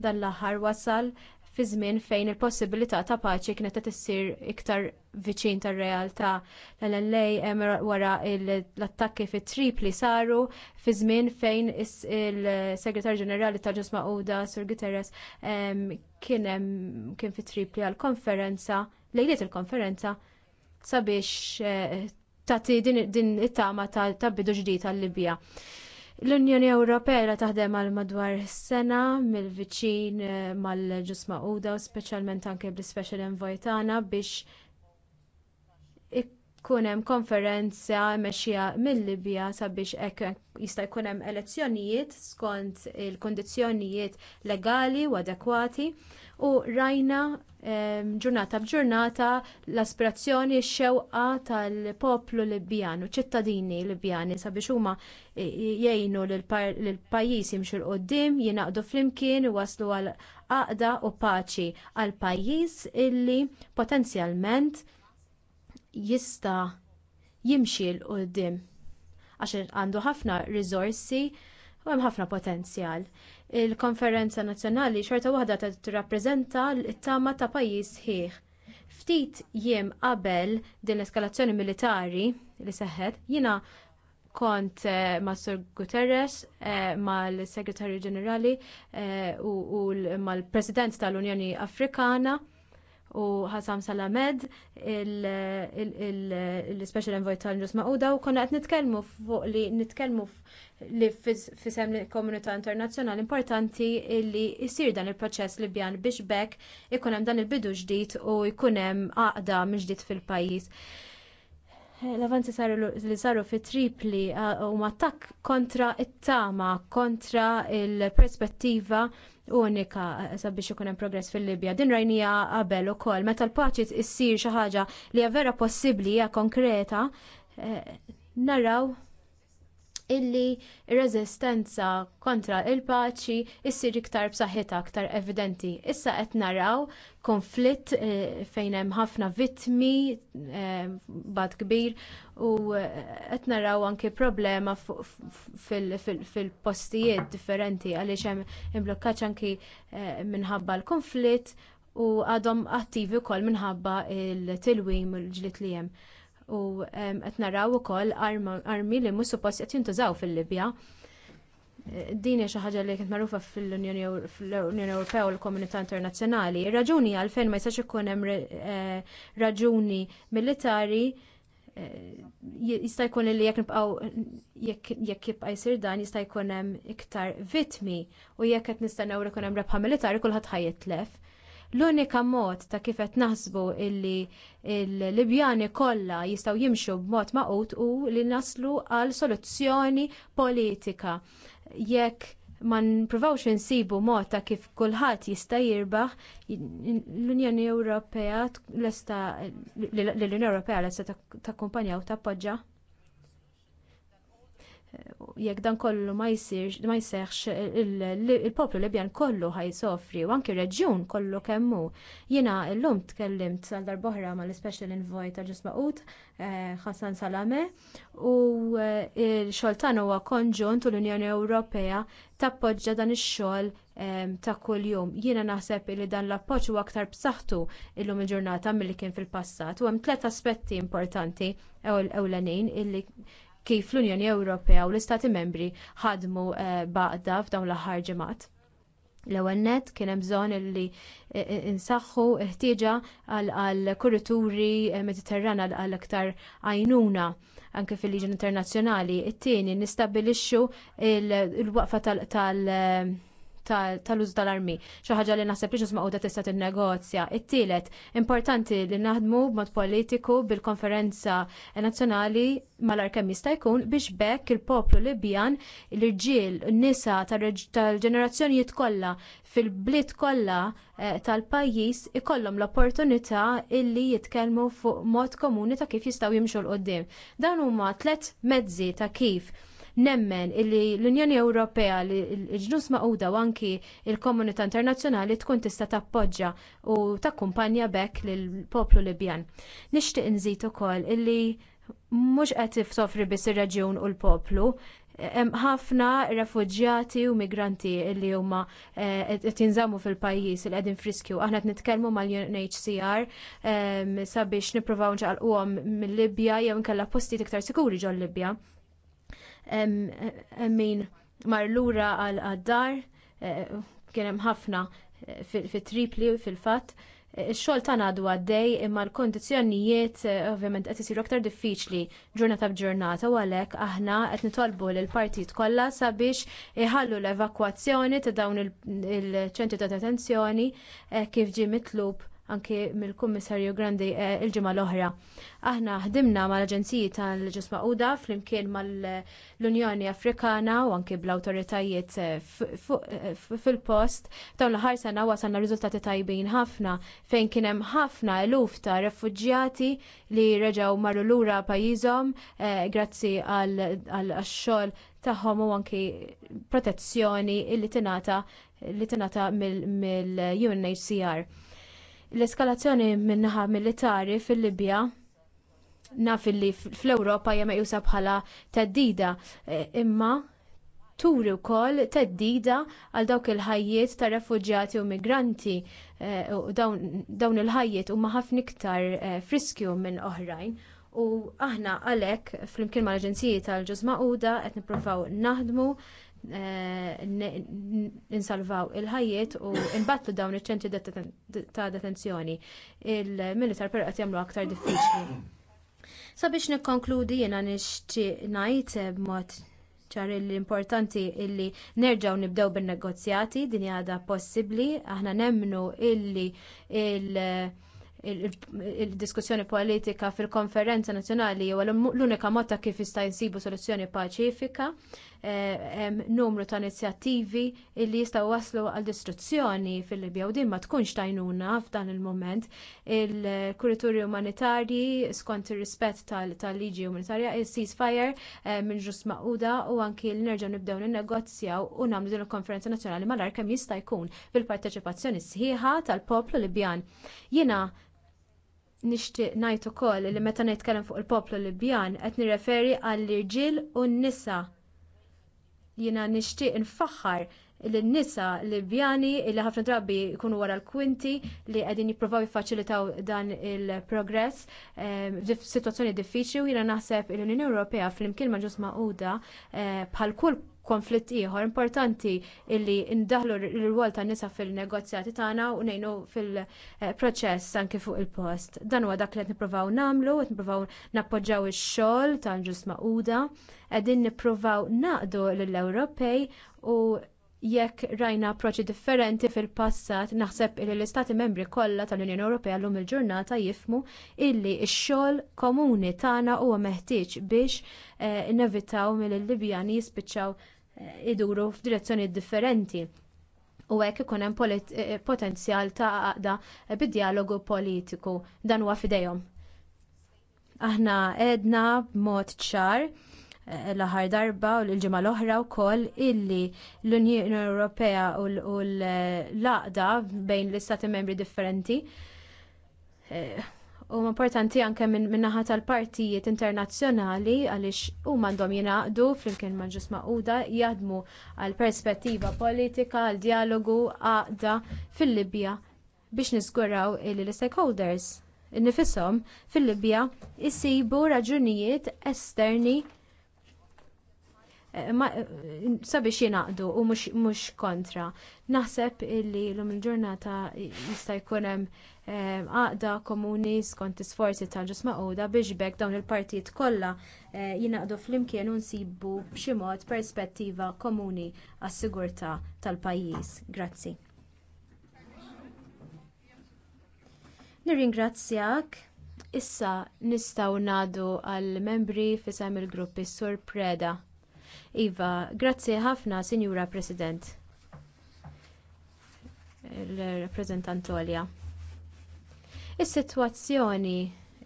dan l-aħħar wasal fi żmien fejn il-possibilità ta' paċi kienet qed issir iktar viċin tar-realtà. L-LA wara l-attakki fi Tripli saru fi żmien fejn il segretarju Ġenerali tal Ġus Mauda Sur Guterres kien kien fi Tripli għal konferenza lejliet il-konferenza sabiex eh, tagħti din it-tama ta' bidu ġdid tal-Libja. L-Unjoni Ewropea taħdem għal madwar sena mill-viċin eh, mal ġusma u speċjalment anke bl-Special Envoy tagħna biex Kun hemm konferenza mexxija mill-Libja sabiex hekk jista' jkun hemm elezzjonijiet skont il-kundizzjonijiet legali u adekwati u rajna ehm, ġurnata b'ġurnata l-aspirazzjoni x-xewqa tal-poplu Libjan u ċittadini Libjani sabiex huma e, e, jgħinu lill-pajjiż jimxu l qoddim jingħaqdu flimkien u waslu għal għaqda u paċi għal pajjiż illi potenzjalment jista jimxi l qudiem għax għandu ħafna riżorsi u hemm ħafna potenzjal. Il-Konferenza Nazzjonali xorta waħda tirrappreżenta l-tama ta' pajjiż ħieħ. Ftit jiem qabel din l-eskalazzjoni militari li seħħet, jiena kont eh, ma' Sur Guterres, eh, mal-Segretarju Ġenerali eh, u, u mal-President tal-Unjoni Afrikana u Hassam Salamed il-Special Envoy tal-Ġus Mauda u konna qed nitkellmu fuq li nitkelmu li li komunità internazzjonali importanti li jsir dan il-proċess li bjan biex bekk ikun hemm dan il-bidu ġdid u jkun hemm għaqda minn fil-pajjiż. L-avanzi li saru fi tripli huma uh, attakk kontra t tama kontra l perspettiva unika uh, sabiex ikun hemm progress fil-Libja. Din rajnija qabel ukoll meta l-paċi issir xi ħaġa li hija vera possibbli hija konkreta eh, naraw illi r-reżistenza kontra l-paċi ssir iktar b'saħħitha aktar evidenti. Issa qed naraw konflitt eh, fejn hemm ħafna vittmi eh, bad kbir u eh, qed naraw anke problema fil-postijiet differenti għaliex hemm imblukkaġġ anki minħabba l-konflitt u għadhom attivi wkoll minħabba t tilwim u l-ġlit li hemm u qed naraw ukoll armi li mhux suppost qed jintużaw fil-Libja. Din hija xi ħaġa li kienet magħrufa fl-Unjoni Ewropea u l-Komunità Internazzjonali. Ir-raġuni għalfejn ma jistax ikun hemm eh, raġuni militari eh, jista' jkun li jekk nibqgħu jekk jibqa' jsir dan jista' jkun hemm iktar vittmi u jekk qed nistennew li jkun hemm rebħa militari kulħadd ħajitlef. L-unika mod ta' kif qed naħsbu illi l-Libjani kollha jistgħu jimxu b'mod maqut u li naslu għal soluzzjoni politika. Jekk ma npruvawx insibu mod ta' kif kulħadd jista' jirbaħ l-Unjoni Ewropea l-Unjoni Ewropea lesta ta' u tappoġġa jekk dan kollu ma jsirx ma jseħħx il-poplu Libjan kollu ħajsofri u anki reġjun kollu kemm hu. Jiena llum tkellimt sal darb'oħra mal-Special Envoy ta' Ġus Maqut Ħassan eh, Salame u eh, l-xogħol tagħna huwa konġunt u l-Unjoni Ewropea tappoġġa dan ix-xogħol eh, ta' kuljum. Jiena naħseb li dan l-appoġġ huwa aktar b'saħħtu illum il-ġurnata milli kien fil-passat u hemm tliet aspetti importanti ewlenin illi kif l-Unjoni Ewropea u l-Istati Membri ħadmu eh, baqda f'dawn l-aħħar ġimgħat. L-ewwel nett kien hemm bżonn li eh, eh, insaħħu ħtieġa għal kurituri Mediterrana għal aktar għajnuna anke fil-liġi internazzjonali. It-tieni nistabbilixxu l-waqfa tal- tal-uż tal-armi. Xi ħaġa li naħseb li ġusma qudha tista' tinnegozja. It-tielet, importanti li naħdmu b'mod politiku bil-konferenza nazzjonali mal-arkem jista' jkun biex bekk il-poplu Libjan l-irġiel, n-nisa tal-ġenerazzjonijiet kollha fil blit kollha eh, tal-pajjiż ikollhom l-opportunità illi jitkellmu fuq mod komuni ta' kif jistgħu jimxu l qoddim Dan huma tliet mezzi ta' kif Nemmen illi l-Unjoni Ewropea li l-ġnus maquda u anki il-komunità internazzjonali tkun tista' tappoġġa u takkumpanja bekk lill-poplu Libjan. Nixtieq inżid ukoll illi mhux qed tiftofri biss ir-reġjun u l-poplu, hemm ħafna refuġjati u migranti li huma eh, qed jinżammu fil-pajjiż li qegħdin friskju. Aħna qed nitkellmu mal-UNHCR ehm, sabiex nippruvaw nċaqalquhom mill-Libja jew inkella postijiet iktar sikuri ġol Libja min mar lura għal għaddar, eh, kien hemm ħafna eh, fit-tripli fil-fatt. Ix-xogħol eh, tagħna għadu għaddej imma l-kondizzjonijiet ovvjament qed isiru aktar diffiċli ġurnata b'ġurnata u għalhekk aħna qed nitolbu lil partit kollha sabiex iħallu l-evakwazzjoni ta' dawn il-ċentri ta' detenzjoni kif ġie mitlub anke mill-Kummissarju Grandi eh, il-ġimgħa l-oħra. Aħna ħdimna mal-Aġenziji tal ġisma Maquda flimkien mal-Unjoni Afrikana u anke bl-awtoritajiet eh, eh, fil-post. Dawn l-ħar sena wasalna riżultati tajbin ħafna fejn kien hemm ħafna eluf ta' refuġjati li reġgħu marru lura pajjiżhom grazzi għall-xogħol tagħhom u anke protezzjoni li tingħata li tingħata mill-UNHCR. L-eskalazzjoni min-naħa militari fil-Libja naf li fl-Ewropa hija meqjusa bħala teddida e, imma turi wkoll teddida għal dawk il-ħajjiet ta' refuġjati u migranti e, u dawn il-ħajjiet huma ħafna iktar e, friskju minn oħrajn. U aħna għalhekk flimkien mal-Aġenziji tal-Ġuż Maquda qed nippruvaw naħdmu Eh, insalvaw il-ħajjiet u nbattlu dawn iċ-ċentri ta' detenzjoni. Il-militar per qed jagħmlu aktar diffiċli. Sabiex nikkonkludi jiena nixtieq ngħid eh, b'mod ċar l-importanti illi nerġaw nibdew bin-negozjati din għadha possibbli aħna nemmnu illi il- il-diskussjoni politika fil-konferenza nazzjonali huwa l-unika mod ta' kif jista' jinsibu soluzzjoni paċifika Eh, numru ta' inizjattivi li jistgħu waslu għal distruzzjoni fil-Libja u din ma tkunx tajnuna f'dan il mument Il-kurituri umanitarji skont ir-rispett tal-liġi umanitarja il-ceasefire eh, minn ġus maquda u anki l nerġgħu nibdew ninnegozjaw u nagħmlu din il-konferenza nazzjonali malar kemm jista' jkun bil-parteċipazzjoni sħiħa tal-poplu Libjan. Jiena nixtieq ngħid ukoll li meta nitkellem fuq il-poplu Libjan qed nirreferi għall-irġiel u n-nisa Jiena nixtieq infaħħar l-nisa Libjani li ħafna drabi jkunu wara l-kwinti li qegħdin jippruvaw jiffaċilitaw dan il-progress ehm, f'sitwazzjoni diffiċli u jiena naħseb l-Unjoni Ewropea flimkien ma' ġus Magħquda eh, bħal kull konflitt ieħor importanti illi ndaħlu l-rwol tan nisa fil-negozjati tagħna u ngħinu fil-proċess anke fuq il-post. Dan huwa dak li qed nippruvaw nagħmlu, qed nippruvaw nappoġġjaw ix-xogħol tal-ġus maquda, qegħdin nippruvaw naqdu lill-Ewropej u jekk rajna approċċi differenti fil-passat naħseb li l-istati membri kollha tal-Unjoni Ewropea llum il-ġurnata jifhmu illi x-xogħol komuni tagħna huwa meħtieġ biex eh, innevitaw mill-Libjani jispiċċaw Eh, iduru f'direzzjoni differenti u hekk ikun hemm eh, eh, potenzjal ta' għaqda bid-dialogu politiku dan huwa fidejhom. Aħna għedna b'mod ċar l-aħħar darba u l-ġimgħa l-oħra wkoll illi l-Unjoni Ewropea u l-laqda bejn l-istati membri differenti U importanti anke minn minnaħa tal-partijiet internazzjonali għaliex huma għandhom jingħaqdu flimkien ma' ġus maquda jaħdmu għal perspettiva politika, għal dialogu, għaqda fil-Libja biex niżguraw li l-stakeholders nifisom fil-Libja jsibu raġunijiet esterni Eh, eh, sabiex jingħaqdu u mhux kontra. Naħseb illi lum il-ġurnata jista' jkun hemm eh, għaqda komuni skont isforzi tal-ġus maquda biex bekk dawn il-partijiet kollha jingħaqdu flimkien u nsibu b'xi mod perspettiva komuni għas-sigurtà tal-pajjiż. Grazzi. Nirringrazzjak. Issa nistgħu ngħaddu għall membri f'isem il-gruppi Sur Preda. Iva, grazzi ħafna, Sinjura President. il rappresentant Olja. Is-sitwazzjoni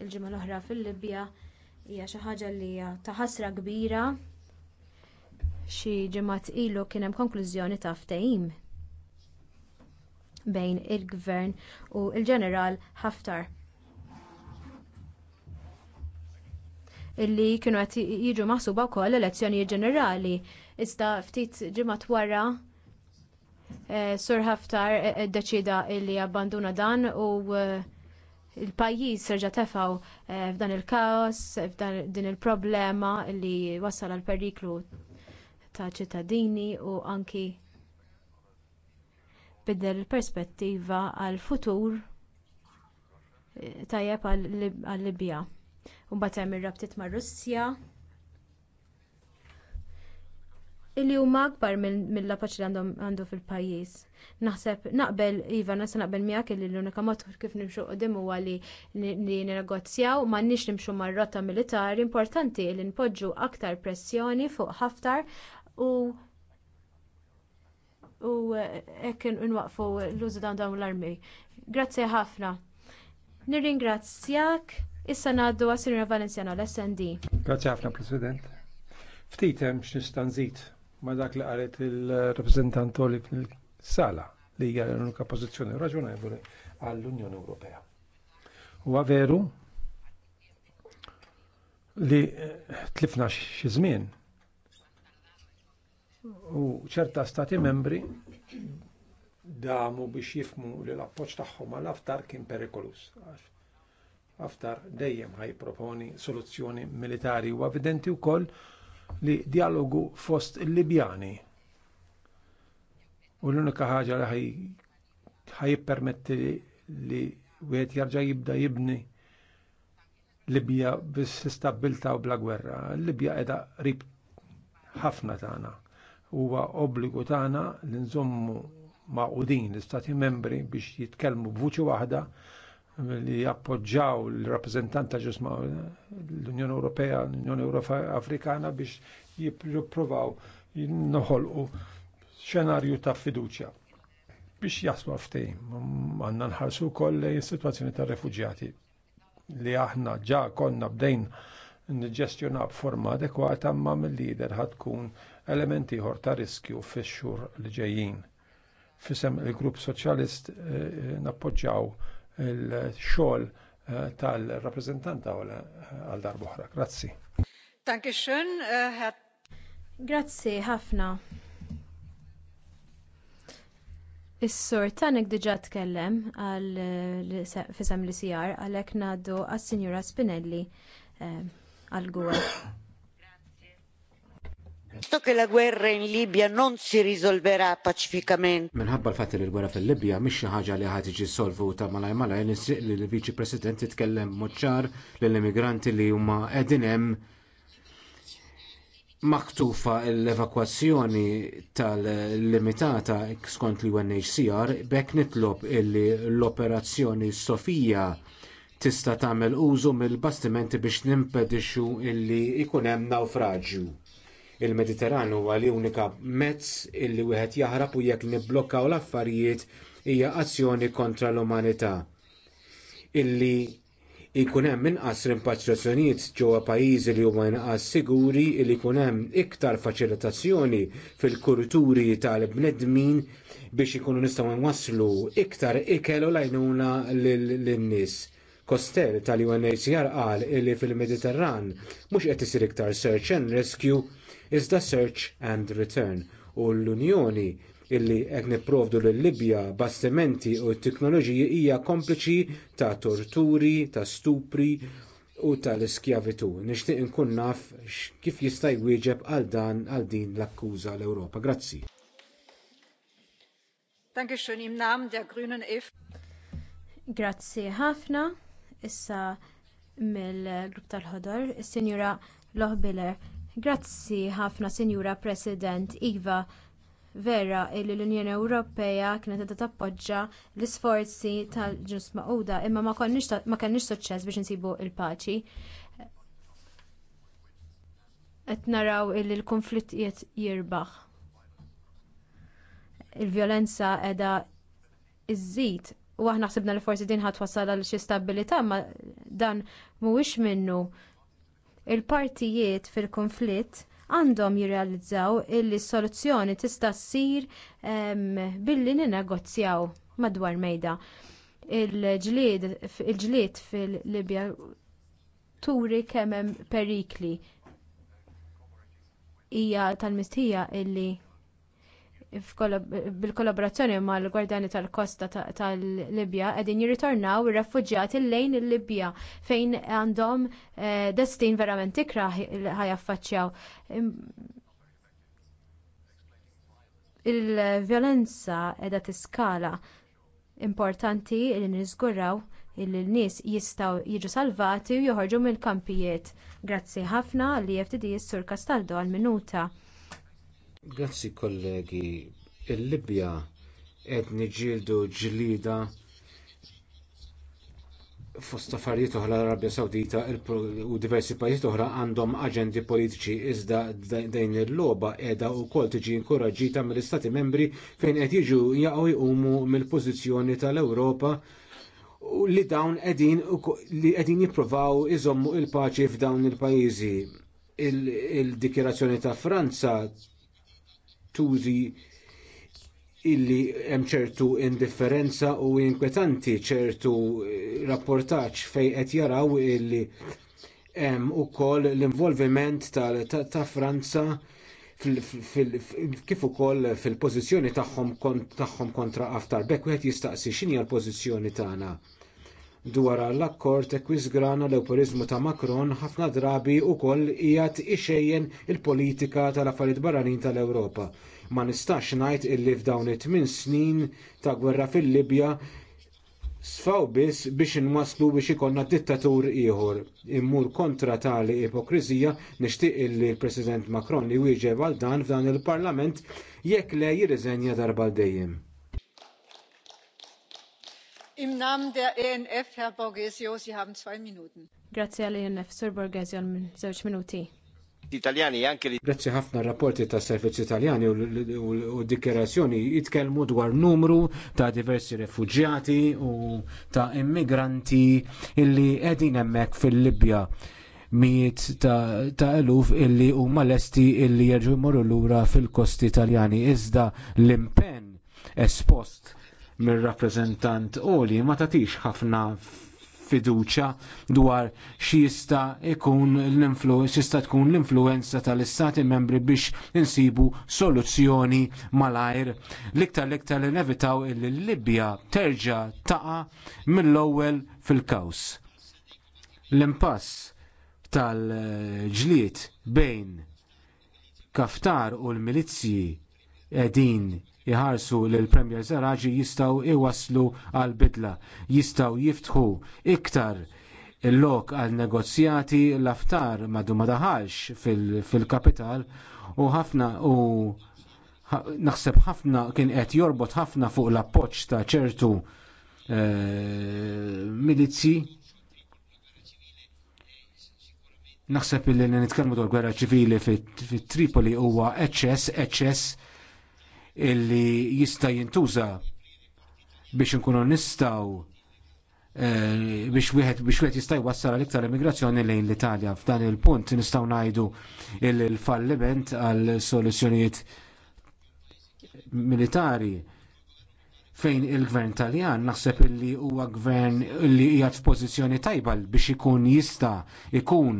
il-ġimgħa l-oħra fil-Libja hija xi ħaġa li hija ta' ħasra kbira xi ġimgħa ilu kien hemm konklużjoni ta' ftehim bejn il-gvern u l-ġeneral Haftar illi kienu qed jiġu maħsuba wkoll elezzjonijiet ġenerali. Iżda ftit ġimat wara eh, Sur Haftar ddeċida eh, eh, illi abbanduna dan u il-pajjiż serġa' tefgħu f'dan il-kaos, f'dan din il-problema li wassal għal periklu ta' ċittadini u anki biddel perspettiva għal futur tajjeb għal-Libja. U Mbagħad hemm ir-rabtiet mar-Russja illi huma akbar mill-apaċi li għandu fil-pajjiż. Naħseb naqbel iva nasa naqbel miegħek illi l-unika mod kif nimxu qudiem huwa li ninegozjaw m'għandniex nimxu mar-rotta militari importanti li npoġġu aktar pressjoni fuq Haftar u u hekk nwaqfu l-użu dawn dawn l-armi. Grazzi ħafna. Nirringrazzjak. Issa naddu għasirina sinjora l-SND. Grazie ħafna President. Ftit hemm x'nista' nżid ma' dak li qalet il-rappreżentant li fil-sala li hija l-unika pożizzjoni raġunevoli għall-Unjoni Ewropea. Huwa veru li eh, tlifna xi żmien u ċerta stati membri damu biex jifmu li l-appoċ tagħhom għal aftar kien perikolus. Haftar dejjem ħaj proponi soluzzjoni militari u evidenti wkoll li dialogu fost il-Libjani. U l-unika ħaġa li permetti li wieħed jarġa' jibda jibni Libja bis-istabilta u bla gwerra. Libja qiegħda rib ħafna tagħna. Huwa obbligu tagħna li nżommu maqudin l-istati membri biex jitkellmu b'vuċi waħda li appoġġaw l-rappresentant ta' ġusma l-Unjoni Ewropea, l-Unjoni Ewropea Afrikana biex jippruvaw jinnoħolqu xenarju ta' fiduċja biex jaslu għaftej, Għanna nħarsu koll situazzjoni ta' refugjati li aħna ġa konna bdejn nġestjonaw b'forma adekwata ma mill-lider ħatkun tkun elementi ħor ta' riskju fix-xhur li ġejjin. Fisem il-grupp soċjalist eh, eh, nappoġġaw il-xogħol eh, tal-rappreżentanta eh, għal oħra. Grazzi. Danke schön, eh, Herr. Grazzi ħafna. Is-sur tanek diġà tkellem għal fisem li sijar għalhekk ngħaddu għas-Sinjura Spinelli għal gwer Sto che la guerra in Libya non si risolverà pacificamente. Minħabba l-fatt li l-gwerra fil-Libja mhix xi ħaġa li ħadd tiġi solvuta malaj malaj nisriq li l-Viċi President titkellem moċċar lill-immigranti li huma qegħdin hemm maktufa l-evakwazzjoni tal-limitata skont l-UNHCR bekk nitlob illi l-operazzjoni Sofija tista' tagħmel użu mill-bastimenti biex nimpedixxu illi jkun hemm nawfraġġju. Il-Mediterran huwa l-unika mezz illi wieħed jaħrab u jekk nibblokkaw l-affarijiet hija azzjoni kontra l-umanità. Illi jkun hemm inqas rimpatriazzjonijiet ġewwa pajjiżi li huma inqas siguri li jkun hemm iktar faċilitazzjoni fil-kulturi tal-bnedmin biex ikunu nistgħu nwasslu iktar ikel u lajnuna lin-nies. Koster tal-UNHCR qal li fil-Mediterran mhux qed isir iktar search and rescue iżda search and return u l-Unjoni illi qed nipprovdu lil Libja bastimenti u t-teknoloġiji hija kompliċi ta' torturi, ta' stupri u tal-iskjavitu. Nixtieq inkun naf kif jista' jwieġeb għal dan għal din l-akkuża l-Ewropa. Grazzi. Dankeschön im Namen der Grünen Grazzi ħafna issa mill-grupp tal-ħodor, is-Sinjura Loħbiller. Grazzi ħafna, Sinjura President Iva vera li l-Unjoni Ewropea kienet qed tappoġġja l-isforzi tal-ġnus Magħquda imma ma kenniex suċċess biex insibu l-paċi. Qed naraw li l-konflitt jirbaħ. Il-vjolenza qiegħda iżżid u aħna ħsibna li forsi din ħatwassal għal xi stabilità ma dan mhuwiex minnu. Il-partijiet fil-konflitt għandhom jirrealizzaw illi s-soluzzjoni tista' ssir billi ninegozjaw madwar mejda. Il-ġlied fil-Libja turi kemm hemm perikli hija tal-mistija illi bil-kollaborazzjoni mal gwardjani tal-Kosta tal-Libja qegħdin jirritornaw ir-refuġjati lejn il-Libja fejn għandhom eh, destin verament ikra ħajaffaċċjaw. Il-vjolenza qiegħda tiskala importanti li niżguraw li n-nies jistgħu jiġu salvati u joħorġu mill-kampijiet. Grazzi ħafna li FTD is-Sur Castaldo għall minuta Grazzi kollegi, il-Libja qed niġġieldu ġlieda fost affarijiet oħra l-Arabja Sawdita u diversi pajjiżi oħra għandhom aġendi politiċi iżda dejn il-logħba qiegħda wkoll tiġi inkoraġġita mill-Istati Membri fejn qed jiġu jaqgħu jqumu mill-pożizzjoni tal-Ewropa u li dawn qegħdin li qegħdin jippruvaw iżommu l paċi f'dawn il-pajjiżi. Il-dikjerazzjoni ta' Franza tużi illi hemm ċertu indifferenza u inkwetanti ċertu eh, rapportaġġ fejn qed jaraw illi hemm ukoll l-involviment ta' Franza kif ukoll fil-pożizzjoni tagħhom kontra Aftar Bekk wieħed jistaqsi x'inhi l-pożizzjoni tagħna dwar l-akkord ekwiżgrana l-euporiżmu ta' Macron ħafna drabi wkoll qiegħed ixejjen il-politika tal-affarijiet barranin tal-Ewropa. Ma nistax ngħid illi f'dawn it-tmien snin ta' gwerra fil-Libja sfaw biss biex inwasslu biex ikollna dittatur ieħor. Immur kontra tali ipokriżija nixtieq illi l-President Macron li wieġeb għal dan f'dan il-Parlament jekk le jirriżenja darba dejjem. ENF, e Herr Minuten. Grazie e Sur minuti. Grazzi ħafna rapporti ta' servizzi italjani u dikjerazzjoni jitkellmu dwar numru ta' diversi refugjati u ta' immigranti illi qegħdin hemmhekk fil-Libja mijiet ta', ta eluf illi huma malesti illi jerġgħu l lura fil-kosti Italjani iżda l-impenn espost mir-rappreżentant oli ma tagħtix ħafna fiduċja dwar xista ikun l-influenza tkun l-influenza tal-istati membri biex insibu soluzzjoni malajr. L-iktar l-iktar li nevitaw il-Libja terġa taqa mill-ewwel fil-kaws. L-impass tal-ġlied bejn Kaftar u l-milizzji qegħdin jħarsu l premier Zaraġi jistgħu iwaslu għal bidla, jistgħu jiftħu iktar il-lok għal negozjati l-aftar madu ma daħalx fil-kapital fil u ħafna u naħseb ħafna kien qed jorbot ħafna fuq l-appoġġ ta' ċertu e, eh, milizzi naħseb li nitkellmu dwar gwerra ċivili fit-Tripoli huwa eċċess eċċess illi jista' jintuża biex inkunu nistgħu eh, biex wieħed biex wieħed jista' jwassal għal iktar immigrazzjoni lejn l-Italja. F'dan il-punt nistgħu ngħidu il-falliment għal soluzzjonijiet militari fejn il-gvern taljan naħseb illi huwa gvern li hija f'pożizzjoni tajba biex ikun jista' ikun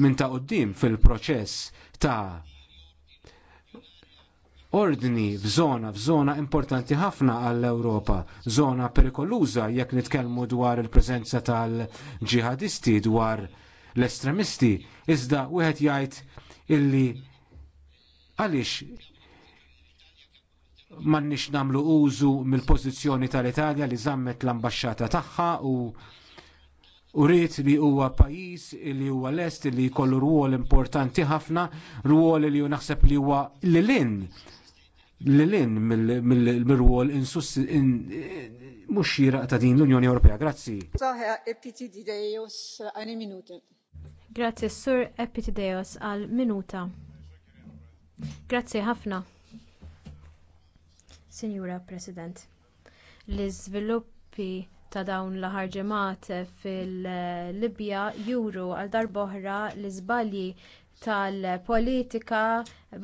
minn ta' quddiem fil-proċess ta' ordni f'żona, f'żona importanti ħafna għall-Ewropa, żona perikoluża jekk nitkellmu dwar il-preżenza tal-ġihadisti dwar l-estremisti, iżda wieħed jgħid illi għaliex m'għandniex nagħmlu użu mill-pożizzjoni tal-Italja li żammet l-ambaxxata tagħha u Uriet li huwa pajis li huwa lest li jkollu rwol importanti ħafna, rwol li naħseb li huwa lilin l-lin mill-rwol mux xiraq ta' din l-Unjoni Ewropea. Grazzi. Saħja għani minuta. Grazzi, Sur Epitideos għal minuta. Grazzi ħafna. Signora President, l-izviluppi ta' dawn l-aħħar fil-Libja juru għal darb'oħra l-iżbalji tal-politika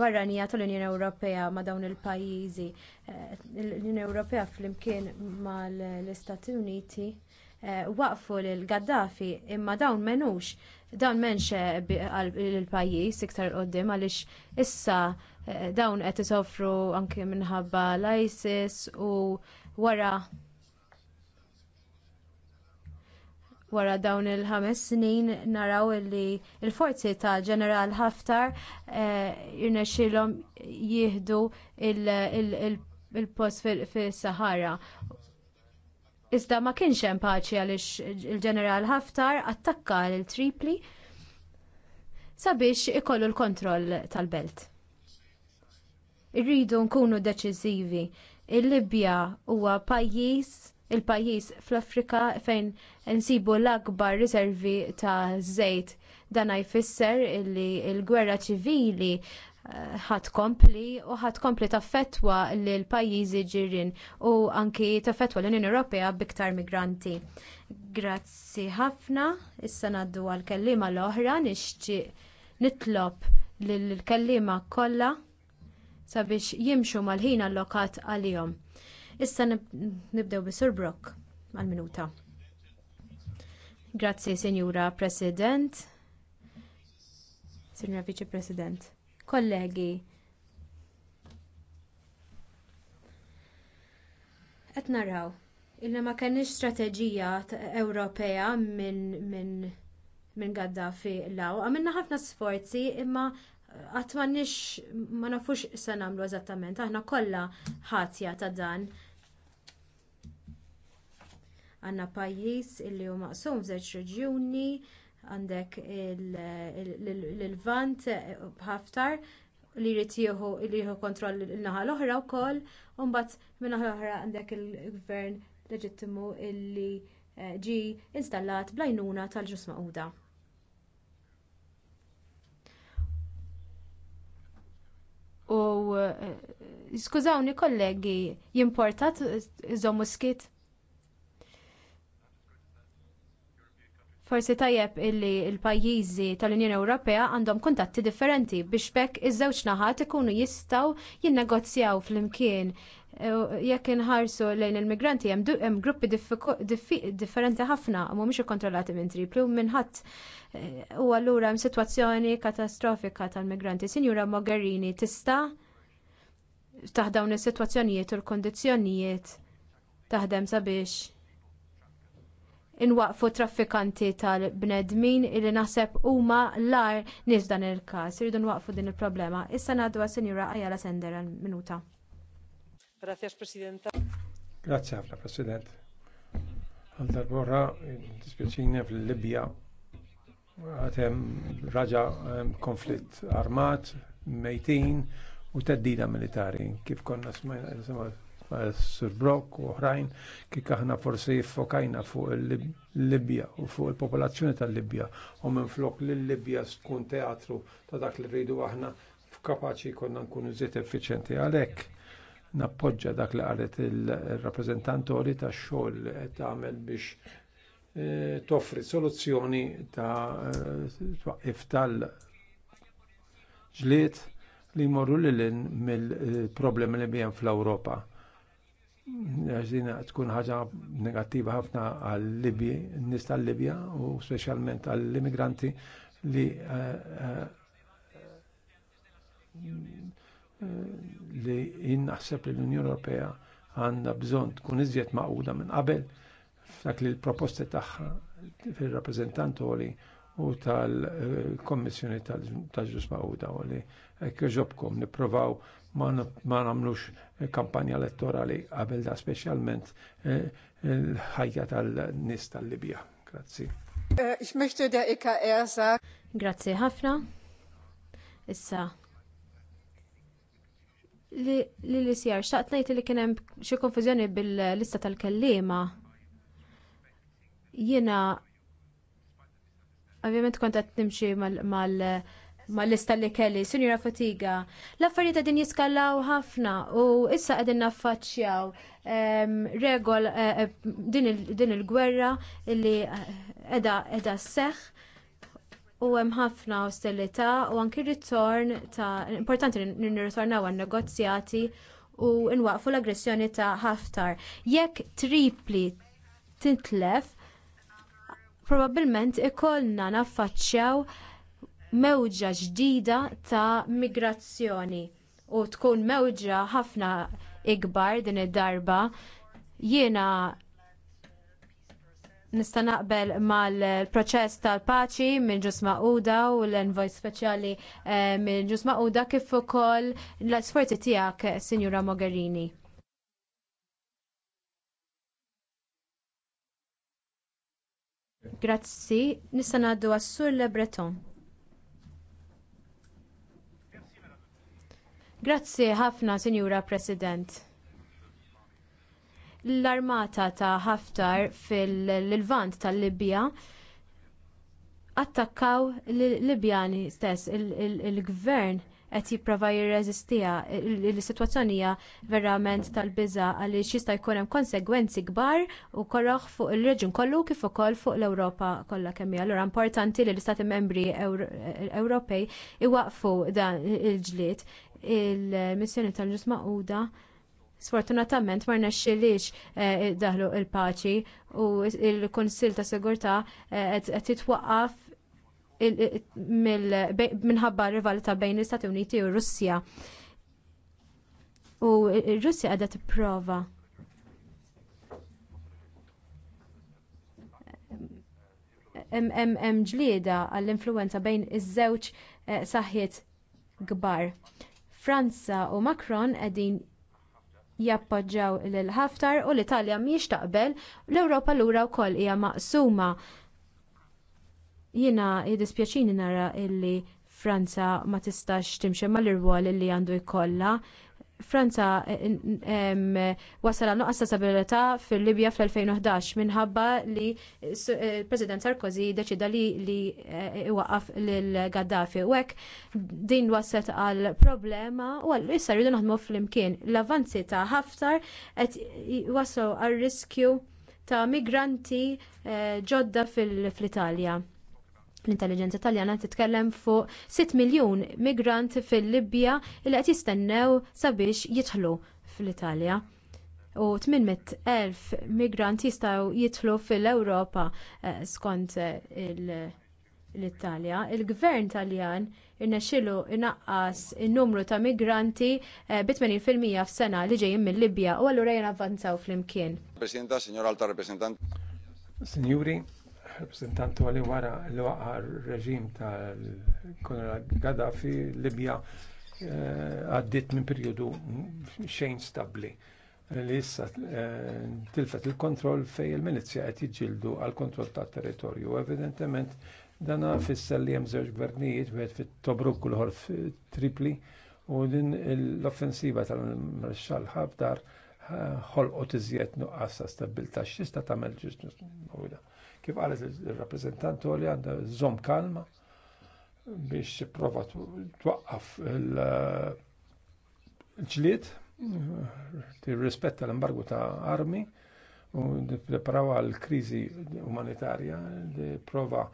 barranija tal-Unjoni Ewropea ma' dawn il-pajjiżi. Eh, L-Unjoni Ewropea flimkien mal-Istati Uniti eh, waqfu lil Gaddafi imma dawn menux dawn menx eh, il-pajjiż iktar qoddim għaliex issa dawn qed isofru anke minħabba l-ISIS u wara wara dawn il-ħames snin naraw li l forzi ta' ġeneral Haftar eh, irnexxilhom jieħdu il-post fis-Sahara. Iżda ma kienx hemm paċi għaliex il-ġeneral Haftar attakka lil Tripli sabiex ikollu l-kontroll tal-belt. Irridu nkunu deċiżivi. Il-Libja huwa pajjiż il-pajjiż fl-Afrika fejn insibu l-akbar riservi ta' żejt. Dan jfisser li l-gwerra ċivili eh, ħat kompli u ħat kompli taffetwa lill pajjiżi ġirien u anki taffetwa l-Unjoni Ewropea biktar migranti. Grazzi ħafna, issa naddu għal kelliema l-oħra nixtieq nitlob lill kelliema kollha sabiex jimxu mal-ħin allokat għalihom. Issa nibdew bi Sur Brock għal-minuta. Grazzi, Sinjura President. Senjura Vice President. Kollegi. Qed naraw illi ma kenniex strateġija Ewropea minn min, min Gaddafi law. Għamilna ħafna sforzi imma għatmanix ma nafux se nagħmlu eżattament, aħna kollha ħatja ta' dan Għandna pajjiż illi hu maqsum żewġ reġjuni għandek l-vant b'ħaftar eh, li jrid jieħu li jieħu kontroll il-naħa l-oħra wkoll, u mbagħad min naħa l-oħra għandek il-gvern leġittimu illi eh, ġie installat bl-għajnuna tal-ġus maquda. U eh, skużawni kollegi, jimportat iżom muskit? Forsi tajjeb illi l-pajjiżi tal-Unjoni Ewropea għandhom kuntatti differenti biex bekk iż-żewġ naħat ikunu jistgħu jinnegozjaw flimkien e, jekk inħarsu lejn il-migranti hemm gruppi differenti ħafna mhumiex ikkontrollati minn triplu minn ħadd e, u allura hemm sitwazzjoni katastrofika tal-migranti. Sinjura Mogherini tista' taħdem is-sitwazzjonijiet u l-kondizzjonijiet taħdem sabiex inwaqfu traffikanti tal-bnedmin illi naħseb huma l nies dan il-każ. Iridu nwaqfu din il-problema. Issa ngħaddu għas-Sinjura Ajala Sender minuta. Grazie, Presidenta. Grazie, Afra, President. Għandar borra, dispiċina fil-Libja, għatem raġa ehm, konflitt armat, mejtin u teddida militari, kif konna smajna Eh, Sur Brock u oħrajn kik aħna forsi jiffokajna fuq il-Libja u fuq il-popolazzjoni tal-Libja u minn flok li libja tkun teatru ta' dak li rridu aħna f'kapaċi konna nkunu żiet effiċenti għalhekk nappoġġa dak li qalet il-rappreżentantori ta' xogħol qed tagħmel biex eh, toffri soluzzjoni ta' eh, twaqqif tal-ġlied li jmorru lil mill-problemi li bjem fl-Ewropa għazina tkun ħaġa negattiva ħafna għal-Libji, n-nis tal-Libja u specialment għall-immigranti li eh, eh, li jinnaħseb li l-Unjoni Ewropea għandha bżonn tkun iżjed maquda minn qabel f'dak li l-proposti tagħha fir-rappreżentant li u tal-Kommissjoni tal-Ġus Maquda u li jekk joġobkom nipprovaw ma nagħmlux kampanja elettorali qabel da speċjalment eh, l-ħajja tal-nies tal-Libja. Grazzi. Eh, ich möchte der EKR sagen. Grazzi ħafna. Issa li li sjar xaqt ngħid li kien hemm xi konfużjoni bil-lista tal-kelliema. Jiena ovvjament kontat nimxie mal-, mal mal-lista li kelli, sinjura Fatiga. L-affarijiet din jiskallaw ħafna u issa qegħdin naffaċċjaw regol eh, eh, din il-gwerra li qiegħda eh, sseħħ u hemm ħafna ostilità u anki ritorn ta' importanti nirritornaw għan-negozjati u nwaqfu l-aggressjoni ta' Haftar. Jekk tripli titlef, probabbilment ikollna naffaċċjaw mewġa ġdida ta' migrazzjoni u tkun mewġa ħafna ikbar din id-darba jiena nista' naqbel mal-proċess tal-paċi minn ġus Magħquda u l-envoj speċjali eh, minn ġus Magħquda kif ukoll l-isforzi tiegħek, Sinjura Mogherini. Grazzi, nista' ngħaddu għas-Sur Le Breton. Grazzi ħafna, Sinjura President. L-armata ta' Haftar fil-Lvant tal-Libja attakkaw l-Libjani stess, il-gvern qed jipprova jirreżistija il-sitwazzjoni hija verament tal-biża għaliex jista' jkun hemm konsegwenzi kbar u korroħ fuq ir-reġjun kollu kif ukoll fuq l-Ewropa kollha kemm hija. Allura importanti li l-Istati Membri Ewropej iwaqfu dan il-ġlied il-missjoni tal-ġus maquda sfortunatament ma rnexxilix eh, daħlu il-paċi u il-Kunsill ta' Sigurtà eh, qed titwaqqaf minħabba rivalità bejn l-Istati Uniti u Russja. U r-Russja qiegħda tipprova hemm ġlieda għall-influwenza bejn iż-żewġ eh, saħħiet kbar. Franza u Macron qegħdin jappoġġjaw lil Haftar u l-Italja mhijiex taqbel l-Ewropa lura wkoll hija maqsuma. Jiena jiddispjaċini nara illi Franza ma tistax timxi mal-irwol li għandu jkollha Franza eh, wasal għal nuqqas stabilità fil-Libja fl-2011 minħabba li eh, President Sarkozy deċida li li eh, waqaf lil Gaddafi. U hekk din waset għal problema u għal issa rridu naħdmu flimkien. L-avanzi ta' Haftar qed waslu għal riskju ta' migranti ġodda fil-Italja l-intelligenza taljana titkellem fuq 6 miljun migrant fil-Libja li qed jistennew sabiex jidħlu fl-Italja u 800,000 migrant jistgħu jidħlu fil-Ewropa eh, skont eh, l-Italja, il-gvern taljan irnexxielu inaqqas in-numru ta' migranti eh, bi 80% f'sena li ġejjin mill-Libja u allura jien avvanzaw flimkien. Presidenta, signora Alta Rappresentant. Signori, rappresentantu għalli wara l waqa reġim tal-Kolonel Gaddafi, Libja eh, għaddit minn perjodu xejn stabbli li issa eh, tilfet il-kontroll fejn il-milizja qed jiġġieldu għall kontroll tat-territorju. Evidentement dan fisser li hemm żewġ gvernijiet wieħed fit-Tobruk u l Tripli u din l-offensiva tal-Marxall Haftar eh, ħolqot iżjed nuqqas ta' stabilta x'tista' tagħmel ġisnu Kif qalet il-rappresentant li għandha żomm kalma biex prova twaqqaf il-ġlied, tirrispetta l-embargu ta' armi u preparaw għal kriżi umanitarja li prova eh,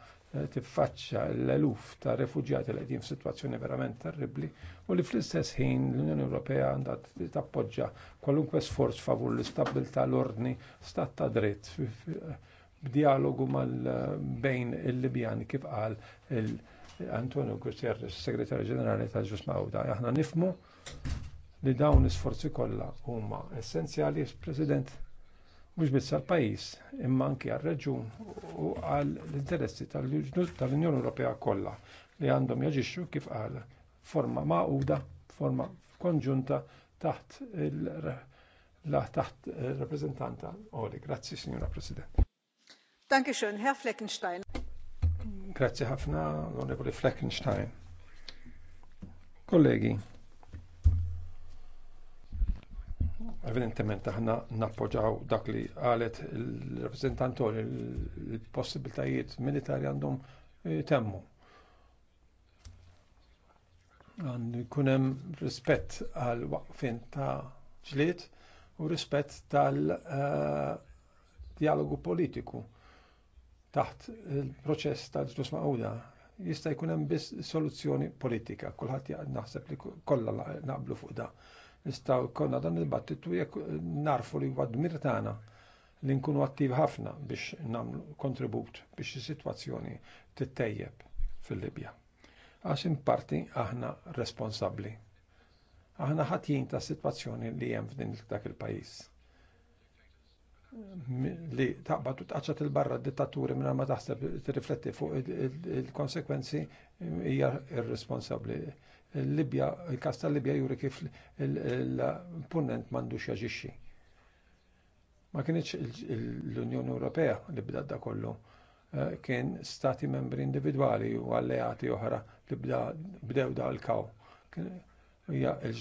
tiffaċċa l-eluf ta' refugjati li qegħdin f'sitwazzjoni verament terribbli u li fl-istess ħin l-Unjoni Ewropea għandha tappoġġa kwalunkwe sforz favur l istabilta l-ordni stat ta' dritt b'dialogu bejn il-Libjan kif qal Antonio Guterres, segretarju ġenerali tal-ġus Mawda. Aħna nifmu li dawn l-isforzi kollha huma essenzjali president mhux biss għall-pajjiż imma anki għar-reġjun u għall-interessi tal-Unjoni Ewropea kollha li għandhom jaġixxu kif qal forma maquda, forma konġunta taħt il taħt rappresentanta Oli. Grazzi, Signora President. Dankeschön, Herr Fleckenstein. Grazie ħafna, l-Onorevoli Fleckenstein. Kollegi, evidentement aħna nappoġġaw dak li qalet il-rappresentantor il-possibilitajiet militari għandhom eh, temmu. Għandu kunem rispett għal waqfin ta' ġlied u rispett tal-dialogu eh, politiku taħt il-proċess ta' ġlus maqawda jista' jkun hemm biss soluzzjoni politika. Kulħadd naħseb li kollha naqblu fuq da. Nistgħu konna dan il-battitu jekk narfu li huwa dmir tagħna li nkunu attivi ħafna biex nagħmlu kontribut biex is-sitwazzjoni tittejjeb fil-Libja. Għax parti aħna responsabbli. Aħna ħatjin ta' sitwazzjoni li hemm f'din dak il-pajjiż li taqbad u tqaċċat il-barra d-dittaturi minna ma taħseb tirrifletti fuq il-konsekwenzi hija irresponsabbli. Libja, il-kas tal-Libja juri kif l-punent m'għandux jaġixxi. Ma kienx l-Unjoni Ewropea li bda da kollu eh, kien stati membri individwali u alleati oħra li bdew da l-kaw. Hija l